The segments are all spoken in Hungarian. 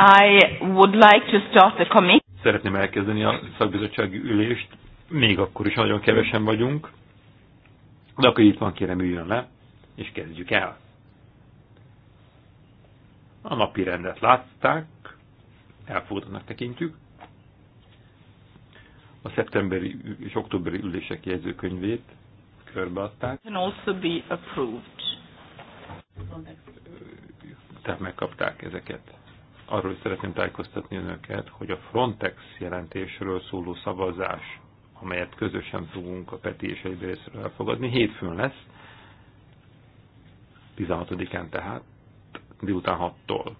I would like to start the committee. Szeretném elkezdeni a szakbizottsági ülést, még akkor is nagyon kevesen vagyunk, de akkor itt van, kérem üljön le, és kezdjük el. A napi rendet látták, elfogadnak tekintjük. A szeptemberi és októberi ülések jegyzőkönyvét körbeadták. Can also be approved. Tehát megkapták ezeket arról is szeretném tájékoztatni önöket, hogy a Frontex jelentésről szóló szavazás, amelyet közösen fogunk a Peti és egy részről elfogadni, hétfőn lesz, 16-án tehát, délután 6-tól.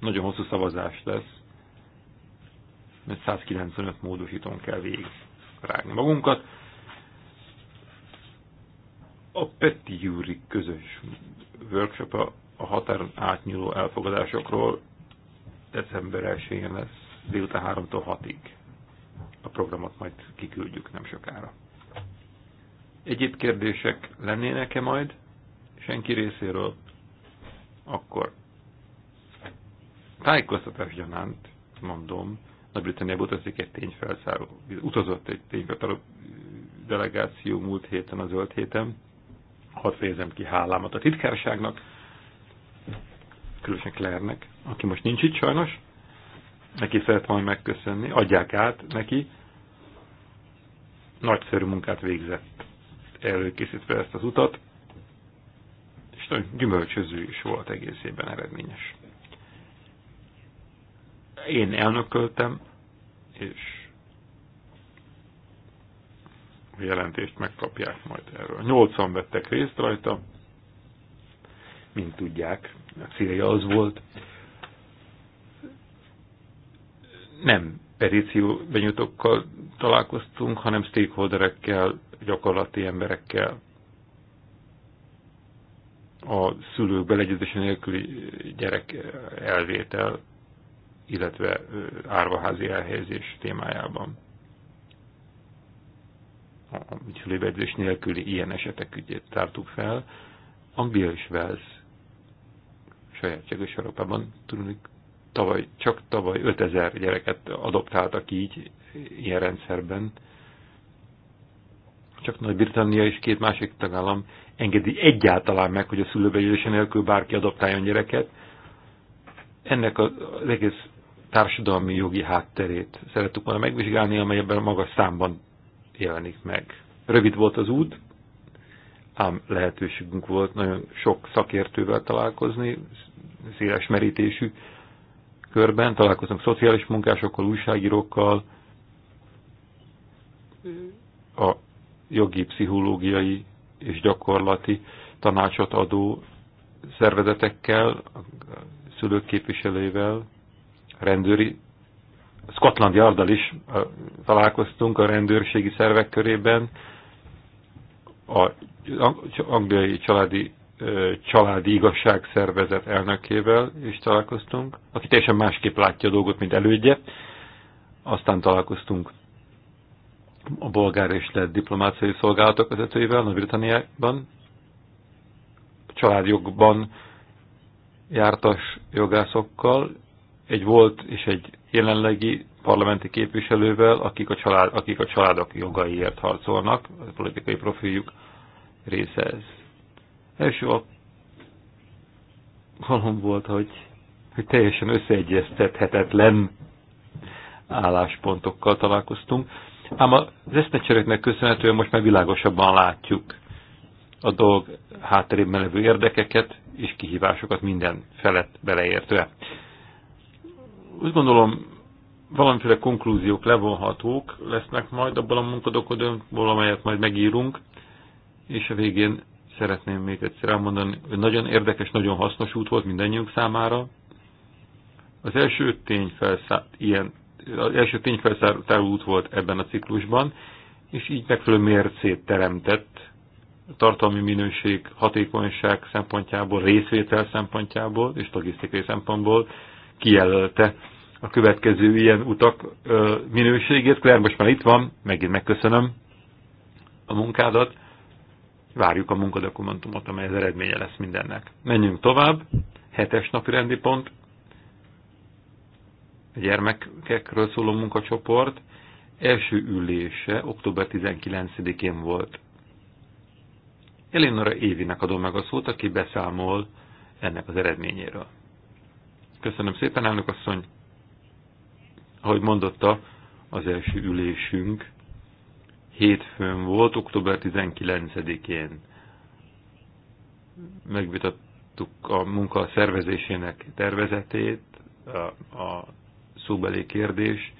Nagyon hosszú szavazás lesz, mert 195 módosítón kell végig rágni magunkat. A Peti Júri közös workshop a határon átnyúló elfogadásokról december 1-én lesz délután 3-tól 6-ig. A programot majd kiküldjük nem sokára. Egyéb kérdések lennének-e majd senki részéről? Akkor tájékoztatás gyanánt mondom, Nagy-Britanniába utazik egy tényfelszálló, utazott egy tényfelszálló delegáció múlt héten, a zöld héten. Hadd fejezem ki hálámat a titkárságnak, különösen Claire-nek, aki most nincs itt sajnos, neki szeret majd megköszönni, adják át neki, nagyszerű munkát végzett előkészítve ezt az utat, és nagyon gyümölcsöző is volt egészében eredményes. Én elnököltem, és a jelentést megkapják majd erről. 80 vettek részt rajta, mint tudják, a célja az volt, nem petíció benyújtókkal találkoztunk, hanem stakeholderekkel, gyakorlati emberekkel, a szülők beleegyezése nélküli gyerek elvétel, illetve árvaházi elhelyezés témájában. A szülőbedzés nélküli ilyen esetek ügyét tártuk fel. Anglia és Wales sajátságos Európában tudunk tavaly, csak tavaly 5000 gyereket adoptáltak így, ilyen rendszerben. Csak Nagy-Britannia és két másik tagállam engedi egyáltalán meg, hogy a szülőbegyűlése nélkül bárki adoptáljon gyereket. Ennek az egész társadalmi jogi hátterét szerettük volna megvizsgálni, amely ebben a magas számban jelenik meg. Rövid volt az út, ám lehetőségünk volt nagyon sok szakértővel találkozni, széles merítésű körben, találkozunk szociális munkásokkal, újságírókkal, a jogi, pszichológiai és gyakorlati tanácsot adó szervezetekkel, a szülők képviselőivel, rendőri, Scotland Yarddal is találkoztunk a rendőrségi szervek körében, a angliai családi családi igazságszervezet elnökével is találkoztunk, aki teljesen másképp látja a dolgot, mint elődje. Aztán találkoztunk a bolgár és lett diplomáciai szolgálatok vezetőivel Nagy-Britanniában. Családjogban jártas jogászokkal, egy volt és egy jelenlegi parlamenti képviselővel, akik a, család, akik a családok jogaiért harcolnak, a politikai profiljuk része ez. Első alkalom volt, hogy, hogy teljesen összeegyeztethetetlen álláspontokkal találkoztunk. Ám az eszmecseréknek köszönhetően most már világosabban látjuk a dolg hátterében levő érdekeket és kihívásokat minden felett beleértve. Úgy gondolom, valamiféle konklúziók levonhatók lesznek majd abban a munkadokodónkból, amelyet majd megírunk, és a végén Szeretném még egyszer elmondani, hogy nagyon érdekes, nagyon hasznos út volt mindannyiunk számára. Az első tényfelszá... ilyen az első tényfelszálló út volt ebben a ciklusban, és így megfelelő mércét teremtett tartalmi minőség, hatékonyság szempontjából, részvétel szempontjából és logisztikai szempontból kijelölte a következő ilyen utak minőségét. Claire most már itt van, megint megköszönöm a munkádat várjuk a munkadokumentumot, amely az eredménye lesz mindennek. Menjünk tovább, hetes napi rendi pont, a gyermekekről szóló munkacsoport első ülése október 19-én volt. Elénora Évinek adom meg a szót, aki beszámol ennek az eredményéről. Köszönöm szépen, elnök asszony! Ahogy mondotta, az első ülésünk hétfőn volt, október 19-én megvitattuk a munka szervezésének tervezetét, a, a szóbeli kérdés,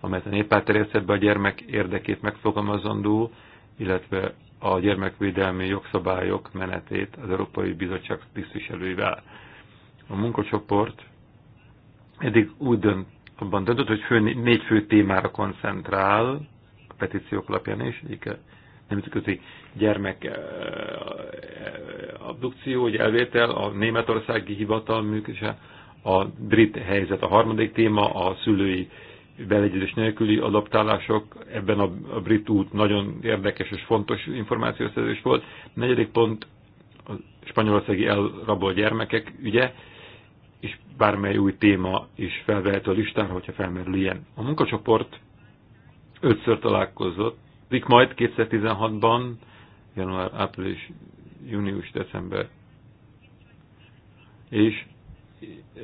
amelyet a néppárterjesztetben a gyermek érdekét megfogalmazandó, illetve a gyermekvédelmi jogszabályok menetét az Európai Bizottság tisztviselőivel. A munkacsoport eddig úgy dönt, abban döntött, hogy fő, négy fő témára koncentrál, petíciók alapján is, egyik nem ütközi gyermek eh, eh, abdukció, vagy elvétel, a németországi hivatal működése, a brit helyzet a harmadik téma, a szülői beleegyezés nélküli adaptálások, ebben a, brit út nagyon érdekes és fontos információszerzés volt. A negyedik pont a spanyolországi elrabolt gyermekek ügye, és bármely új téma is felvehető a listán, hogyha felmerül ilyen. A munkacsoport ötször találkozott, Dik majd 2016-ban, január, április, június, december, és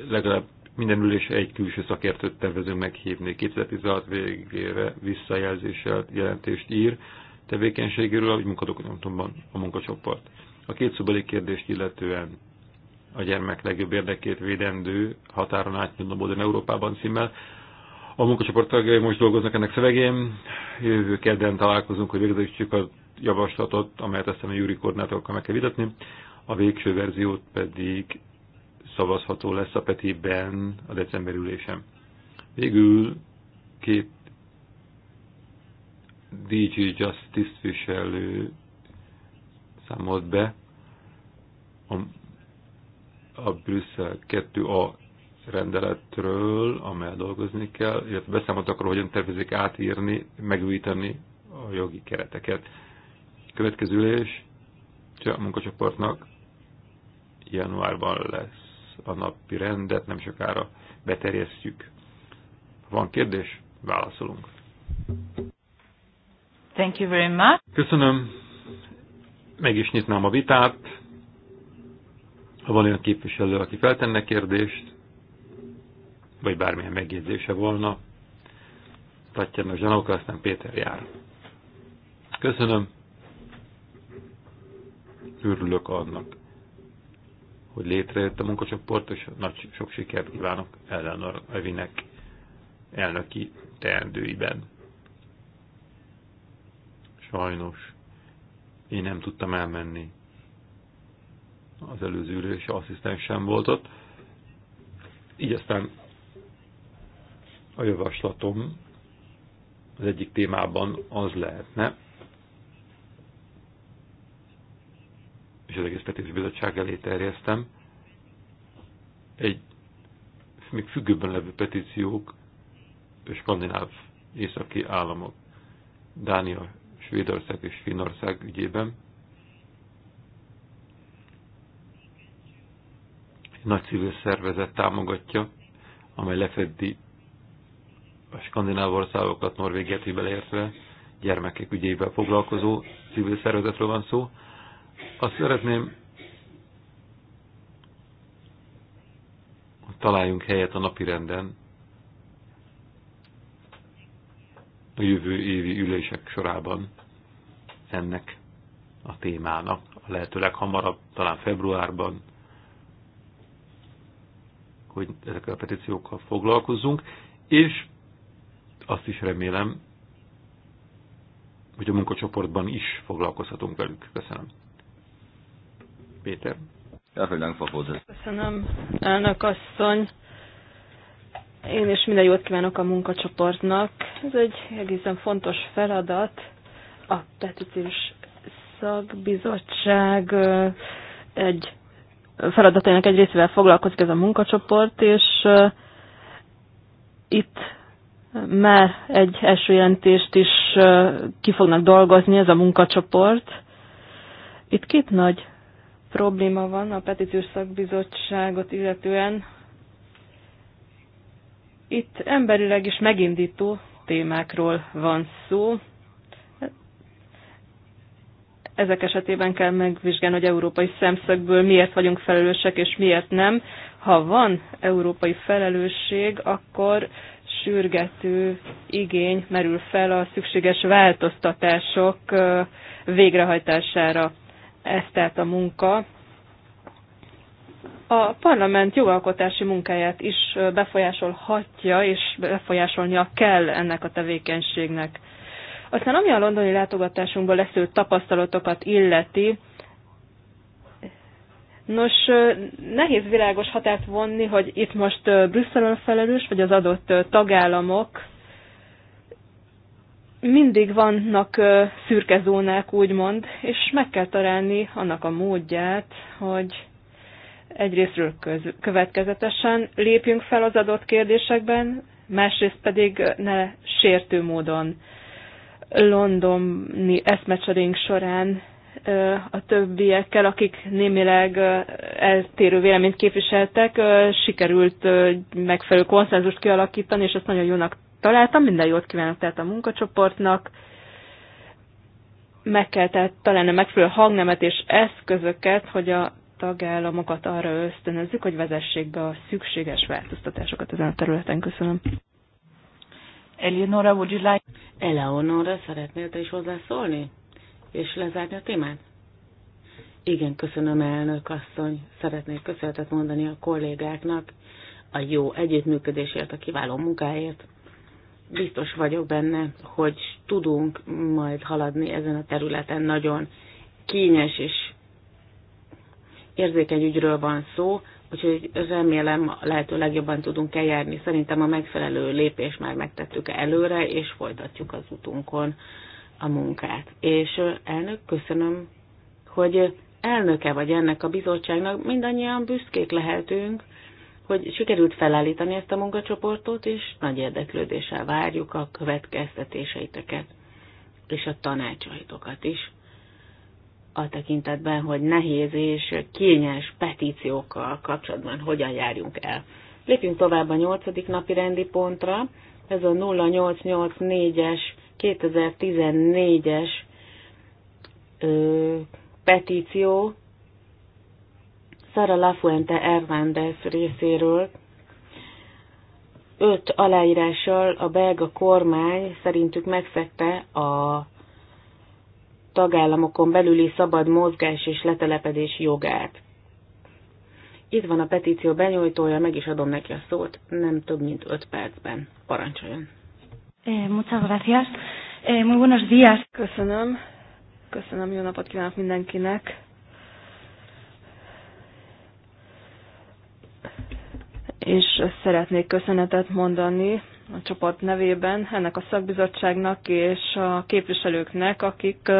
legalább minden ülés egy külső szakértőt tervezünk meghívni. 2016 végére visszajelzéssel jelentést ír tevékenységéről, hogy munkadokumentumban a munkacsoport. A két szobeli kérdést illetően a gyermek legjobb érdekét védendő határon átnyúlva Európában címmel a munkacsoport tagjai most dolgoznak ennek szövegén. Jövő kedden találkozunk, hogy végzősítsük a javaslatot, amelyet aztán a júri koordinátorokkal meg kell vitatni. A végső verziót pedig szavazható lesz a Petiben a december ülésem. Végül két DG Justice viselő számolt be a, a Brüsszel 2A rendeletről, amely dolgozni kell, illetve beszámoltak arról, hogyan tervezik átírni, megújítani a jogi kereteket. Következő ülés a munkacsoportnak januárban lesz a napi rendet, nem sokára beterjesztjük. Ha van kérdés, válaszolunk. Thank you very much. Köszönöm. Meg is nyitnám a vitát. Ha van olyan képviselő, aki feltenne kérdést, vagy bármilyen megjegyzése volna. Tatjana Zsanóka, aztán Péter jár. Köszönöm. Örülök annak, hogy létrejött a munkacsoport, és nagy sok sikert kívánok Eleanor Evinek elnöki teendőiben. Sajnos én nem tudtam elmenni. Az előző ülés asszisztens sem volt ott. Így aztán a javaslatom az egyik témában az lehetne, és az egész petíciós bizottság elé terjesztem, egy még függőben levő petíciók a skandináv északi államok, Dánia, Svédország és Finnország ügyében. Egy nagy civil szervezet támogatja, amely lefeddi a skandináv országokat, Norvégiát is beleértve, gyermekek ügyével foglalkozó civil szervezetről van szó. Azt szeretném, hogy találjunk helyet a napirenden a jövő évi ülések sorában ennek a témának, a lehető leghamarabb, talán februárban, hogy ezekkel a petíciókkal foglalkozzunk, és azt is remélem, hogy a munkacsoportban is foglalkozhatunk velük. Köszönöm. Péter? Köszönöm, elnök asszony. Én is minden jót kívánok a munkacsoportnak. Ez egy egészen fontos feladat. A petíciós szakbizottság egy feladatainak egy részével foglalkozik ez a munkacsoport, és itt már egy első jelentést is ki fognak dolgozni, ez a munkacsoport. Itt két nagy probléma van a petíciós szakbizottságot illetően. Itt emberileg is megindító témákról van szó. Ezek esetében kell megvizsgálni, hogy európai szemszögből miért vagyunk felelősek és miért nem. Ha van európai felelősség, akkor sürgető igény merül fel a szükséges változtatások végrehajtására. Ez tehát a munka. A parlament jogalkotási munkáját is befolyásolhatja, és befolyásolnia kell ennek a tevékenységnek. Aztán ami a londoni látogatásunkból lesző tapasztalatokat illeti, Nos, nehéz világos hatát vonni, hogy itt most Brüsszelön felelős, vagy az adott tagállamok. Mindig vannak szürke zónák, úgymond, és meg kell találni annak a módját, hogy egyrésztről következetesen lépjünk fel az adott kérdésekben, másrészt pedig ne sértő módon. Londoni eszmecserénk során a többiekkel, akik némileg eltérő véleményt képviseltek, sikerült megfelelő konszenzust kialakítani, és ezt nagyon jónak találtam. Minden jót kívánok tehát a munkacsoportnak. Meg kell tehát találni megfelelő hangnemet és eszközöket, hogy a tagállamokat arra ösztönözzük, hogy vezessék be a szükséges változtatásokat ezen a területen. Köszönöm. Eleonora, would you like... Eleonora, szeretnél te is hozzászólni? és lezárni a témát? Igen, köszönöm, elnök asszony. Szeretnék köszönetet mondani a kollégáknak a jó együttműködésért, a kiváló munkáért. Biztos vagyok benne, hogy tudunk majd haladni ezen a területen. Nagyon kényes és érzékeny ügyről van szó, úgyhogy remélem a lehető legjobban tudunk eljárni. Szerintem a megfelelő lépést már megtettük előre, és folytatjuk az utunkon a munkát. És elnök, köszönöm, hogy elnöke vagy ennek a bizottságnak, mindannyian büszkék lehetünk, hogy sikerült felállítani ezt a munkacsoportot, és nagy érdeklődéssel várjuk a következtetéseiteket és a tanácsaitokat is. A tekintetben, hogy nehéz és kényes petíciókkal kapcsolatban hogyan járjunk el. Lépjünk tovább a nyolcadik napi rendi pontra. Ez a 0884-es 2014-es petíció Sara Lafuente Hernández részéről öt aláírással a belga kormány szerintük megszegte a tagállamokon belüli szabad mozgás és letelepedés jogát. Itt van a petíció benyújtója, meg is adom neki a szót, nem több mint 5 percben. Parancsoljon! Eh, muchas gracias. Eh, muy buenos días. Köszönöm. Köszönöm, jó napot kívánok mindenkinek. És szeretnék köszönetet mondani a csapat nevében ennek a szakbizottságnak és a képviselőknek, akik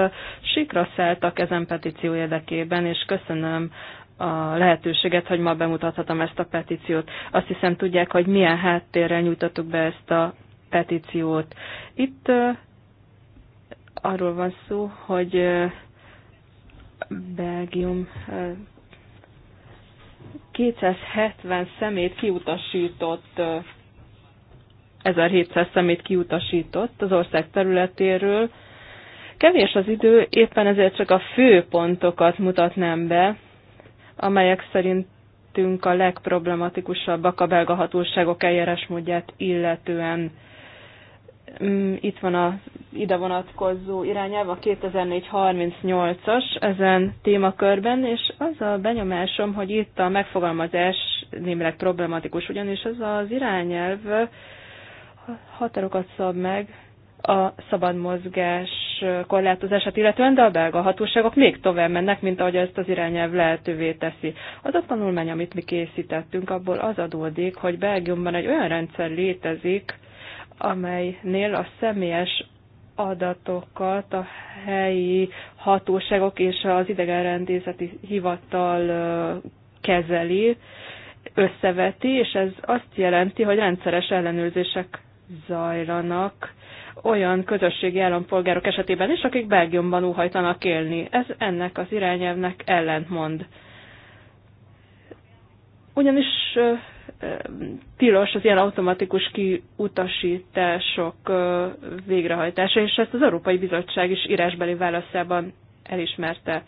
sikra szálltak ezen petíció érdekében, és köszönöm a lehetőséget, hogy ma bemutathatom ezt a petíciót. Azt hiszem tudják, hogy milyen háttérrel nyújtottuk be ezt a petíciót. Itt arról van szó, hogy Belgium 270 szemét kiutasított, 1700 szemét kiutasított az ország területéről. Kevés az idő, éppen ezért csak a fő pontokat mutatnám be, amelyek szerintünk a legproblematikusabbak a belga hatóságok eljárásmódját illetően. Mm, itt van a ide vonatkozó irányelv, a 2004 as ezen témakörben, és az a benyomásom, hogy itt a megfogalmazás némileg problematikus, ugyanis az az irányelv határokat szab meg a szabad mozgás korlátozását illetően, de a belga hatóságok még tovább mennek, mint ahogy ezt az irányelv lehetővé teszi. Az a tanulmány, amit mi készítettünk, abból az adódik, hogy Belgiumban egy olyan rendszer létezik, amelynél a személyes adatokat a helyi hatóságok és az idegenrendészeti hivatal kezeli, összeveti, és ez azt jelenti, hogy rendszeres ellenőrzések zajlanak olyan közösségi állampolgárok esetében is, akik Belgiumban óhajtanak élni. Ez ennek az irányelvnek ellentmond. Ugyanis tilos az ilyen automatikus kiutasítások végrehajtása, és ezt az Európai Bizottság is írásbeli válaszában elismerte.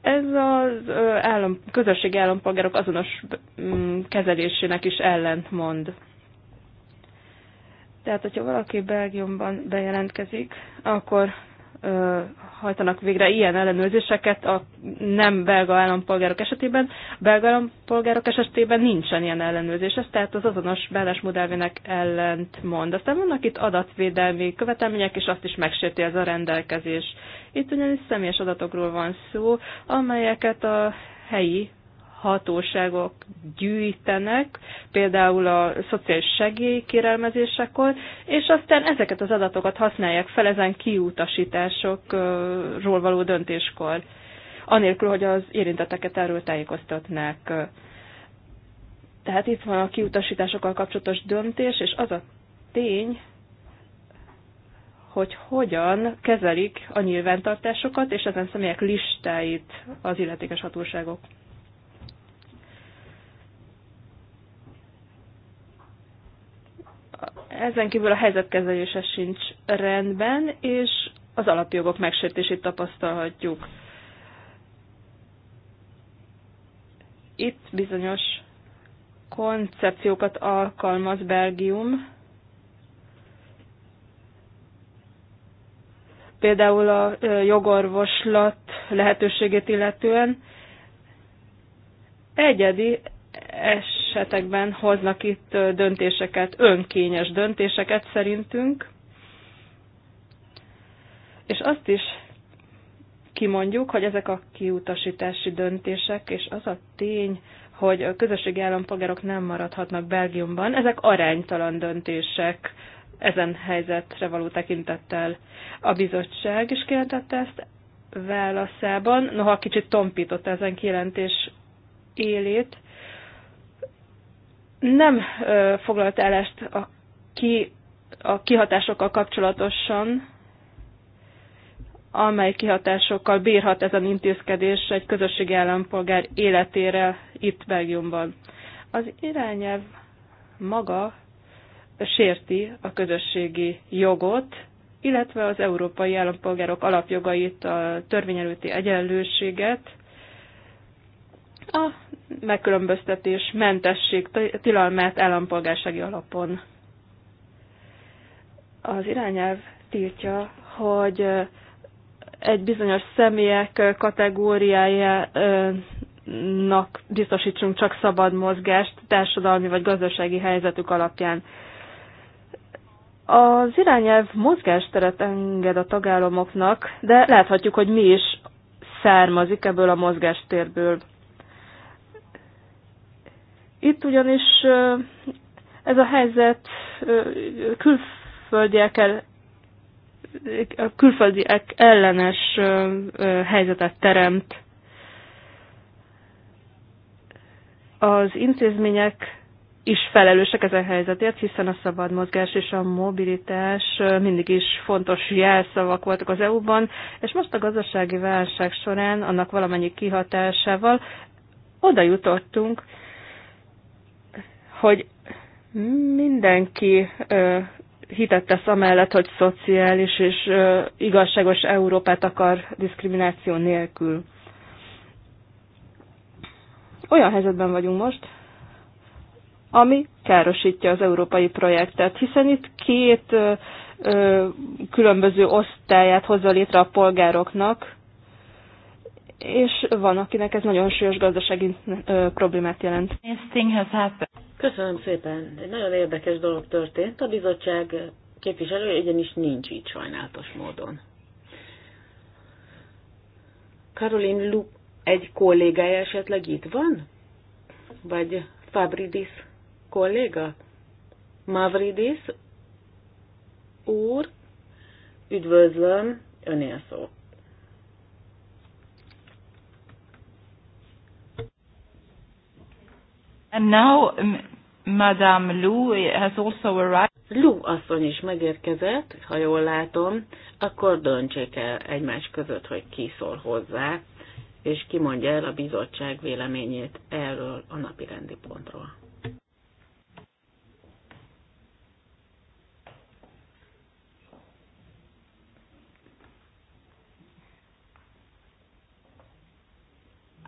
Ez az állam, közösségi állampolgárok azonos mm, kezelésének is ellentmond. Tehát, hogyha valaki Belgiumban bejelentkezik, akkor hajtanak végre ilyen ellenőrzéseket a nem belga állampolgárok esetében. A belga állampolgárok esetében nincsen ilyen ellenőrzés, ez tehát az azonos bánásmód elvének ellent mond. Aztán vannak itt adatvédelmi követelmények, és azt is megsérti ez a rendelkezés. Itt ugyanis személyes adatokról van szó, amelyeket a helyi hatóságok gyűjtenek, például a szociális segélykérelmezésekor, és aztán ezeket az adatokat használják fel ezen kiutasításokról való döntéskor, anélkül, hogy az érinteteket erről tájékoztatnák. Tehát itt van a kiutasításokkal kapcsolatos döntés, és az a tény, hogy hogyan kezelik a nyilvántartásokat és ezen személyek listáit az illetékes hatóságok. Ezen kívül a helyzetkezelése sincs rendben, és az alapjogok megsértését tapasztalhatjuk. Itt bizonyos koncepciókat alkalmaz Belgium, például a jogorvoslat lehetőségét illetően egyedi es esetekben hoznak itt döntéseket, önkényes döntéseket szerintünk. És azt is kimondjuk, hogy ezek a kiutasítási döntések, és az a tény, hogy a közösségi állampolgárok nem maradhatnak Belgiumban, ezek aránytalan döntések ezen helyzetre való tekintettel. A bizottság is kijelentette ezt válaszában, noha kicsit tompított ezen kijelentés élét, nem foglalt állást a, ki, a kihatásokkal kapcsolatosan, amely kihatásokkal bírhat ez az intézkedés egy közösségi állampolgár életére itt Belgiumban. Az irányelv maga sérti a közösségi jogot, illetve az európai állampolgárok alapjogait, a törvény előtti egyenlőséget, a megkülönböztetés mentesség tilalmát állampolgársági alapon. Az irányelv tiltja, hogy egy bizonyos személyek kategóriájának biztosítsunk csak szabad mozgást társadalmi vagy gazdasági helyzetük alapján. Az irányelv mozgásteret enged a tagállamoknak, de láthatjuk, hogy mi is származik ebből a mozgástérből. Itt ugyanis ez a helyzet külföldiekkel a külföldiek ellenes helyzetet teremt. Az intézmények is felelősek ezen helyzetért, hiszen a szabad mozgás és a mobilitás mindig is fontos jelszavak voltak az EU-ban, és most a gazdasági válság során annak valamennyi kihatásával oda jutottunk, hogy mindenki hitet tesz amellett, hogy szociális és igazságos Európát akar diszkrimináció nélkül. Olyan helyzetben vagyunk most, ami károsítja az európai projektet, hiszen itt két ö, különböző osztályát hozza létre a polgároknak, és van, akinek ez nagyon súlyos gazdasági ö, problémát jelent. Köszönöm szépen. Egy nagyon érdekes dolog történt. A bizottság képviselője egyenis nincs így sajnálatos módon. Caroline Lu egy kollégája esetleg itt van? Vagy Fabridis kolléga? Mavridis úr, üdvözlöm, önél szók. And now, Madame Lou has also arrived. Lou asszony is megérkezett, ha jól látom, akkor döntsék el egymás között, hogy ki szól hozzá, és ki mondja el a bizottság véleményét erről a napi rendi pontról.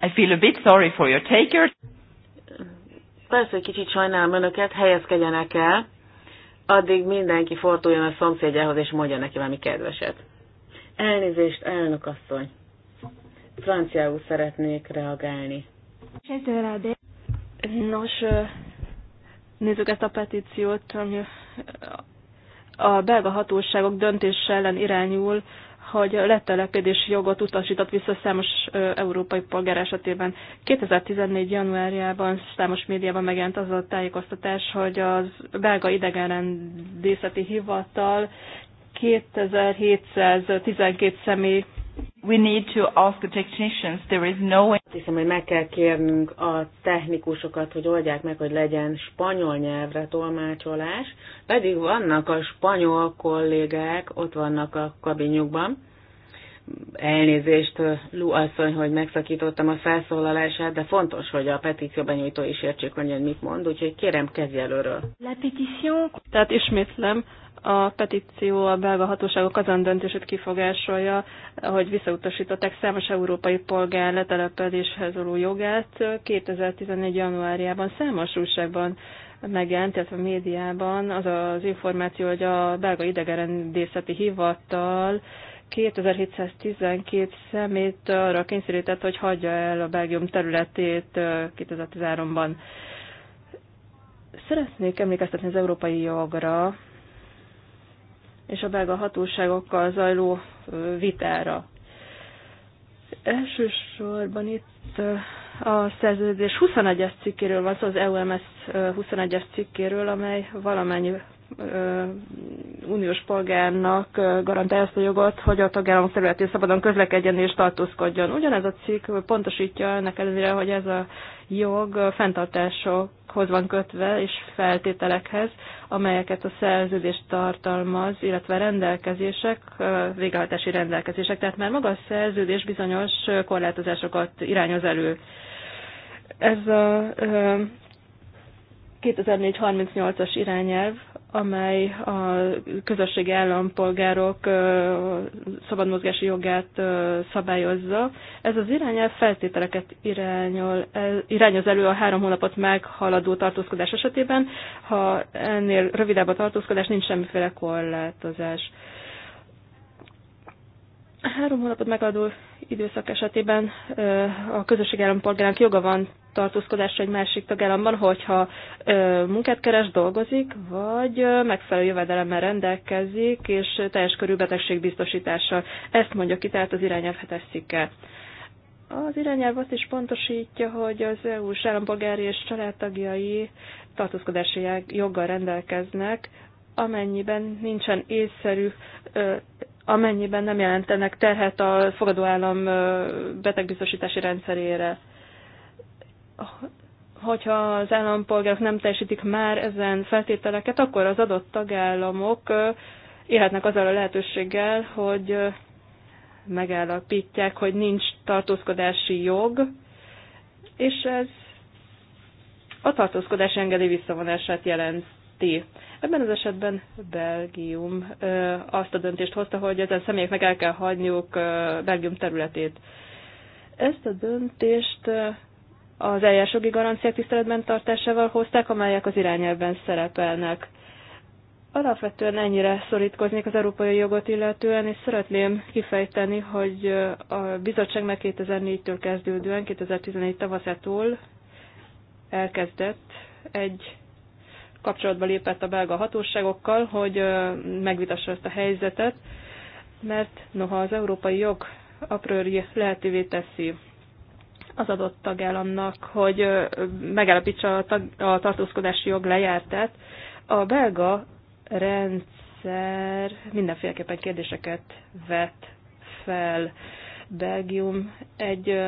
I feel a bit sorry for your taker. Persze, hogy kicsit sajnálom önöket, helyezkedjenek el, addig mindenki forduljon a szomszédjához, és mondja neki valami kedveset. Elnézést, elnök asszony. Franciául szeretnék reagálni. Nos, nézzük ezt a petíciót, ami a belga hatóságok döntése ellen irányul hogy letelepedési jogot utasított vissza számos európai polgár esetében. 2014. januárjában számos médiában megjelent az a tájékoztatás, hogy az belga idegenrendészeti hivatal 2712 személy we need to ask the technicians, there is no way. Hiszem, hogy meg kell kérnünk a technikusokat, hogy oldják meg, hogy legyen spanyol nyelvre tolmácsolás, pedig vannak a spanyol kollégák, ott vannak a kabinjukban. Elnézést, Lu asszony, hogy megszakítottam a felszólalását, de fontos, hogy a petíció benyújtó is értsék, hogy mit mond, úgyhogy kérem kezdj előről. La petíció... Tehát ismétlem, a petíció a belga hatóságok azon döntését kifogásolja, hogy visszautasították számos európai polgár letelepedéshez való jogát. 2014. januárjában számos újságban megjelent, illetve a médiában az az információ, hogy a belga idegerendészeti hivatal 2712 szemét arra kényszerített, hogy hagyja el a Belgium területét 2013-ban. Szeretnék emlékeztetni az európai jogra, és a belga hatóságokkal zajló vitára. Elsősorban itt a szerződés 21-es cikkéről van szó, az EUMS 21-es cikkéről, amely valamennyi uniós polgárnak garantálja azt a jogot, hogy a tagállamok területén szabadon közlekedjen és tartózkodjon. Ugyanez a cikk pontosítja ennek ellenére, hogy ez a jog fenntartások szabályokhoz van kötve és feltételekhez, amelyeket a szerződés tartalmaz, illetve rendelkezések, végrehajtási rendelkezések. Tehát már maga a szerződés bizonyos korlátozásokat irányoz elő. Ez a 2004-38-as irányelv amely a közösségi állampolgárok szabadmozgási jogát szabályozza. Ez az irányelv feltételeket irányol, irányoz elő a három hónapot meghaladó tartózkodás esetében, ha ennél rövidebb a tartózkodás, nincs semmiféle korlátozás. Három hónapot megadó időszak esetében a közösség állampolgárnak joga van tartózkodásra egy másik tagállamban, hogyha munkát keres, dolgozik, vagy megfelelő jövedelemmel rendelkezik, és teljes körű betegségbiztosítással. Ezt mondja ki tehát az irányelv hetes cikke. Az irányelv azt is pontosítja, hogy az EU-s állampolgári és családtagjai tartózkodási joggal rendelkeznek, amennyiben nincsen észszerű amennyiben nem jelentenek terhet a fogadóállam betegbiztosítási rendszerére. Hogyha az állampolgárok nem teljesítik már ezen feltételeket, akkor az adott tagállamok élhetnek azzal a lehetőséggel, hogy megállapítják, hogy nincs tartózkodási jog, és ez a tartózkodás engedély visszavonását jelenti illeti. Ebben az esetben Belgium azt a döntést hozta, hogy ezen személyeknek el kell hagyniuk Belgium területét. Ezt a döntést az eljárásjogi garanciák tiszteletben tartásával hozták, amelyek az irányelben szerepelnek. Alapvetően ennyire szorítkoznék az európai jogot illetően, és szeretném kifejteni, hogy a bizottság meg 2004-től kezdődően, 2014 tavaszától elkezdett egy kapcsolatba lépett a belga hatóságokkal, hogy megvitassa ezt a helyzetet, mert noha az európai jog a lehetővé teszi az adott tagállamnak, hogy megállapítsa a, tag, a tartózkodási jog lejártát, a belga rendszer mindenféleképpen kérdéseket vet fel. Belgium egy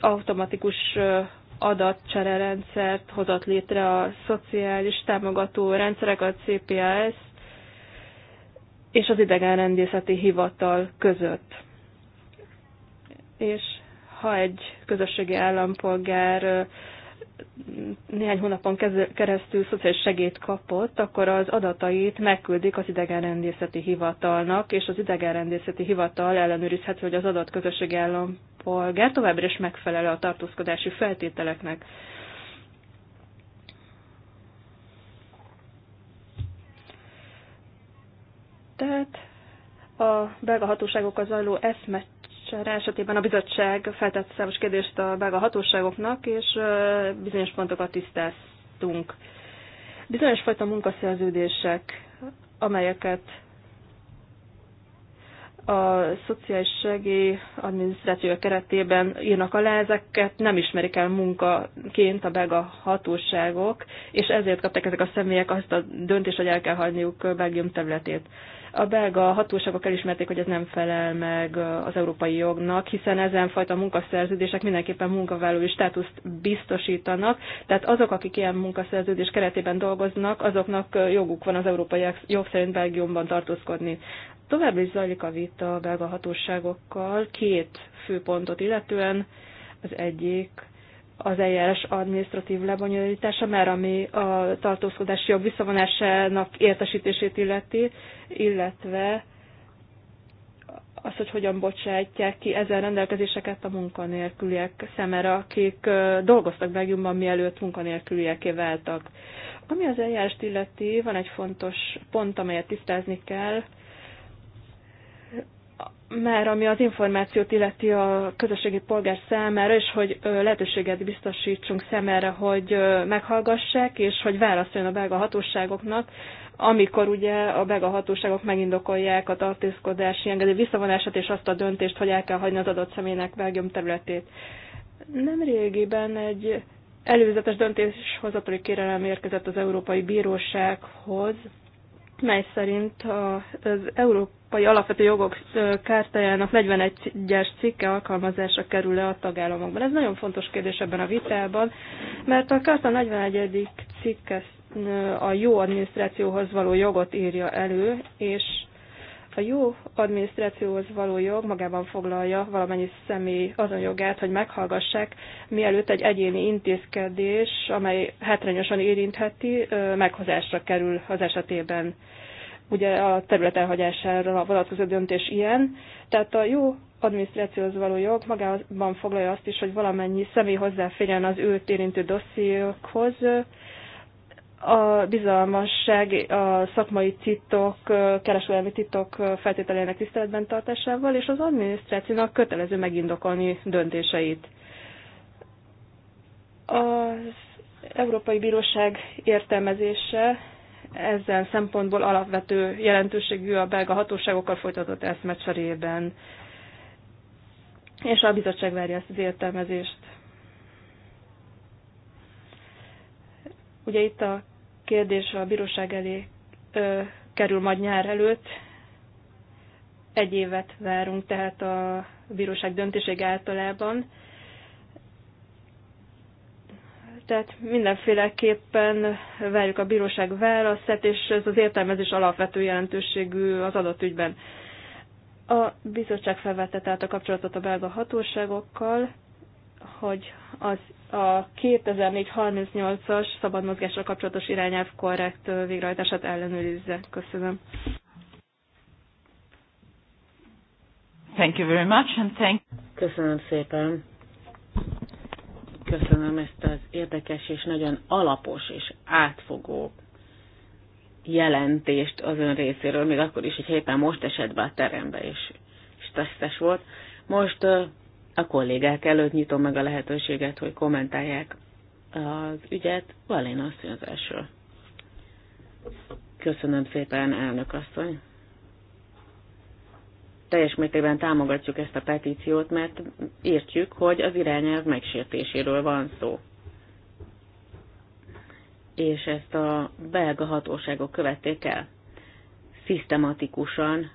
automatikus adatcsererendszert hozott létre a szociális támogató rendszerek, a CPAS és az idegenrendészeti hivatal között. És ha egy közösségi állampolgár néhány hónapon keresztül szociális segélyt kapott, akkor az adatait megküldik az idegenrendészeti hivatalnak, és az idegenrendészeti hivatal ellenőrizheti, hogy az adott közösségi állampolgár továbbra is megfelel a tartózkodási feltételeknek. Tehát a belga hatóságok az zajló eszmet Csere esetében a bizottság feltett számos kérdést a belga hatóságoknak, és bizonyos pontokat tisztáztunk. Bizonyos fajta munkaszerződések, amelyeket a szociális segély adminisztrációja keretében írnak alá, ezeket nem ismerik el munkaként a belga hatóságok, és ezért kaptak ezek a személyek azt a döntést, hogy el kell hagyniuk Belgium területét. A belga hatóságok elismerték, hogy ez nem felel meg az európai jognak, hiszen ezen fajta munkaszerződések mindenképpen munkavállalói státuszt biztosítanak, tehát azok, akik ilyen munkaszerződés keretében dolgoznak, azoknak joguk van az európai jog szerint Belgiumban tartózkodni. Továbbra is zajlik a vita a belga hatóságokkal két fő pontot illetően. Az egyik az eljárás administratív lebonyolítása, mert ami a tartózkodási jog visszavonásának értesítését illeti, illetve az, hogy hogyan bocsájtják ki ezen rendelkezéseket a munkanélküliek szemére, akik dolgoztak Belgiumban, mielőtt munkanélkülieké váltak. Ami az eljárást illeti, van egy fontos pont, amelyet tisztázni kell, már ami az információt illeti a közösségi polgár számára, és hogy lehetőséget biztosítsunk szemére, hogy meghallgassák, és hogy válaszoljon a belga hatóságoknak, amikor ugye a belga hatóságok megindokolják a tartózkodási engedély visszavonását, és azt a döntést, hogy el kell hagyni az adott személynek Belgium területét. Nem régiben egy előzetes döntéshozatali kérelem érkezett az Európai Bírósághoz, mely szerint az Európai Alapvető Jogok Kártájának 41-es cikke alkalmazása kerül le a tagállamokban. Ez nagyon fontos kérdés ebben a vitában, mert a Kárta 41. cikke a jó adminisztrációhoz való jogot írja elő, és a jó adminisztrációhoz való jog magában foglalja valamennyi személy azon jogát, hogy meghallgassák, mielőtt egy egyéni intézkedés, amely hátrányosan érintheti, meghozásra kerül az esetében. Ugye a terület elhagyására vonatkozó döntés ilyen, tehát a jó adminisztrációhoz való jog magában foglalja azt is, hogy valamennyi személy hozzáférjen az őt érintő dossziékhoz, a bizalmasság a szakmai titok, kereskedelmi titok feltételének tiszteletben tartásával, és az adminisztrációnak kötelező megindokolni döntéseit. Az Európai Bíróság értelmezése ezen szempontból alapvető jelentőségű a belga hatóságokkal folytatott eszmecserében, és a bizottság várja ezt az értelmezést. Ugye itt a kérdés a bíróság elé ö, kerül majd nyár előtt. Egy évet várunk tehát a bíróság döntéség általában. Tehát mindenféleképpen várjuk a bíróság válaszát, és ez az értelmezés alapvető jelentőségű az adott ügyben. A bizottság felvette tehát a kapcsolatot a belga hatóságokkal, hogy az a 2004-38-as szabad mozgásra kapcsolatos irányelv korrekt végrehajtását ellenőrizze. Köszönöm. Thank you very much and thank Köszönöm szépen. Köszönöm ezt az érdekes és nagyon alapos és átfogó jelentést az ön részéről, még akkor is, hogy éppen most esett be a terembe, és stresszes volt. Most a kollégák előtt nyitom meg a lehetőséget, hogy kommentálják az ügyet. Valén asszony az első. Köszönöm szépen, elnök asszony. Teljes mértékben támogatjuk ezt a petíciót, mert értjük, hogy az irányelv megsértéséről van szó. És ezt a belga hatóságok követték el. Szisztematikusan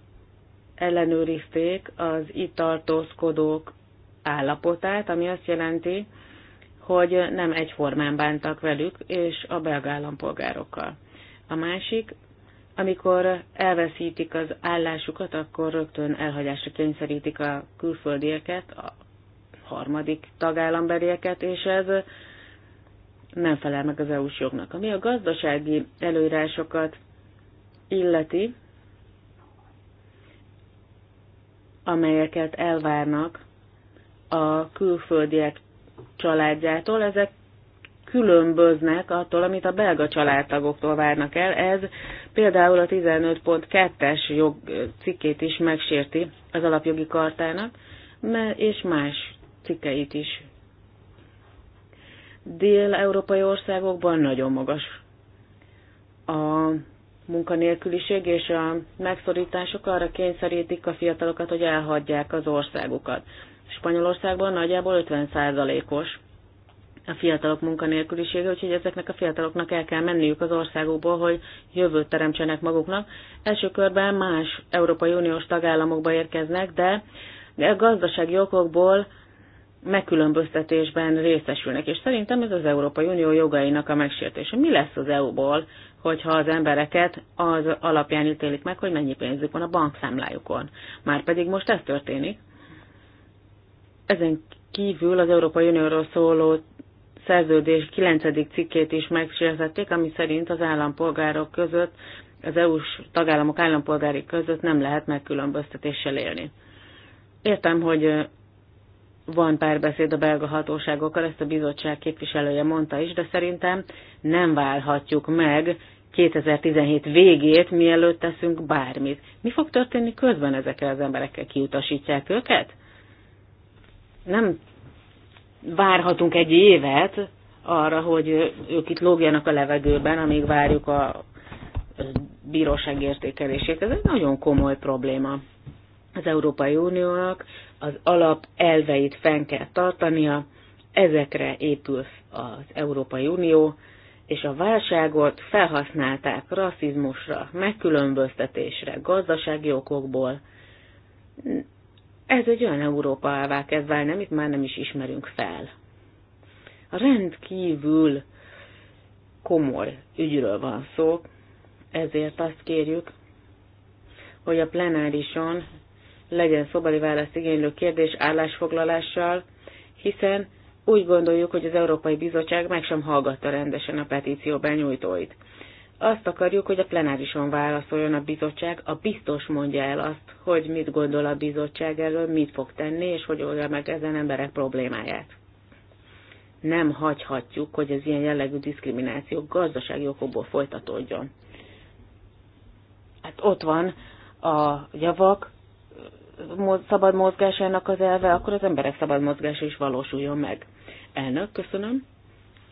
ellenőrizték az itt tartózkodók állapotát, ami azt jelenti, hogy nem egyformán bántak velük és a belga állampolgárokkal. A másik, amikor elveszítik az állásukat, akkor rögtön elhagyásra kényszerítik a külföldieket, a harmadik tagállambelieket, és ez nem felel meg az EU-s jognak. Ami a gazdasági előírásokat illeti, amelyeket elvárnak a külföldiek családjától, ezek különböznek attól, amit a belga családtagoktól várnak el. Ez például a 15.2-es jog cikkét is megsérti az alapjogi kartának, és más cikkeit is. Dél-európai országokban nagyon magas a munkanélküliség és a megszorítások arra kényszerítik a fiatalokat, hogy elhagyják az országukat. Spanyolországban nagyjából 50%-os a fiatalok munkanélkülisége, úgyhogy ezeknek a fiataloknak el kell menniük az országokból, hogy jövőt teremtsenek maguknak. Első körben más Európai Uniós tagállamokba érkeznek, de, a gazdasági okokból megkülönböztetésben részesülnek, és szerintem ez az Európai Unió jogainak a megsértése. Mi lesz az EU-ból, hogyha az embereket az alapján ítélik meg, hogy mennyi pénzük van a bankszámlájukon? Márpedig most ez történik. Ezen kívül az Európai Unióról szóló szerződés 9. cikkét is megsértették, ami szerint az állampolgárok között, az EU-s tagállamok állampolgári között nem lehet megkülönböztetéssel élni. Értem, hogy van párbeszéd a belga hatóságokkal, ezt a bizottság képviselője mondta is, de szerintem nem válhatjuk meg 2017 végét, mielőtt teszünk bármit. Mi fog történni közben ezekkel az emberekkel? Kiutasítják őket? nem várhatunk egy évet arra, hogy ők itt lógjanak a levegőben, amíg várjuk a bíróság értékelését. Ez egy nagyon komoly probléma. Az Európai Uniónak az alap elveit fenn kell tartania, ezekre épül az Európai Unió, és a válságot felhasználták rasszizmusra, megkülönböztetésre, gazdasági okokból, ez egy olyan elvá kezd válni, amit már nem is ismerünk fel. A rendkívül komor, ügyről van szó, ezért azt kérjük, hogy a plenárison legyen szobali választ igénylő kérdés állásfoglalással, hiszen úgy gondoljuk, hogy az Európai Bizottság meg sem hallgatta rendesen a petíció benyújtóit. Azt akarjuk, hogy a plenárison válaszoljon a bizottság, a biztos mondja el azt, hogy mit gondol a bizottság erről, mit fog tenni, és hogy oldja meg ezen emberek problémáját. Nem hagyhatjuk, hogy az ilyen jellegű diszkrimináció gazdasági okokból folytatódjon. Hát ott van a javak szabad mozgásának az elve, akkor az emberek szabad mozgása is valósuljon meg. Elnök, köszönöm.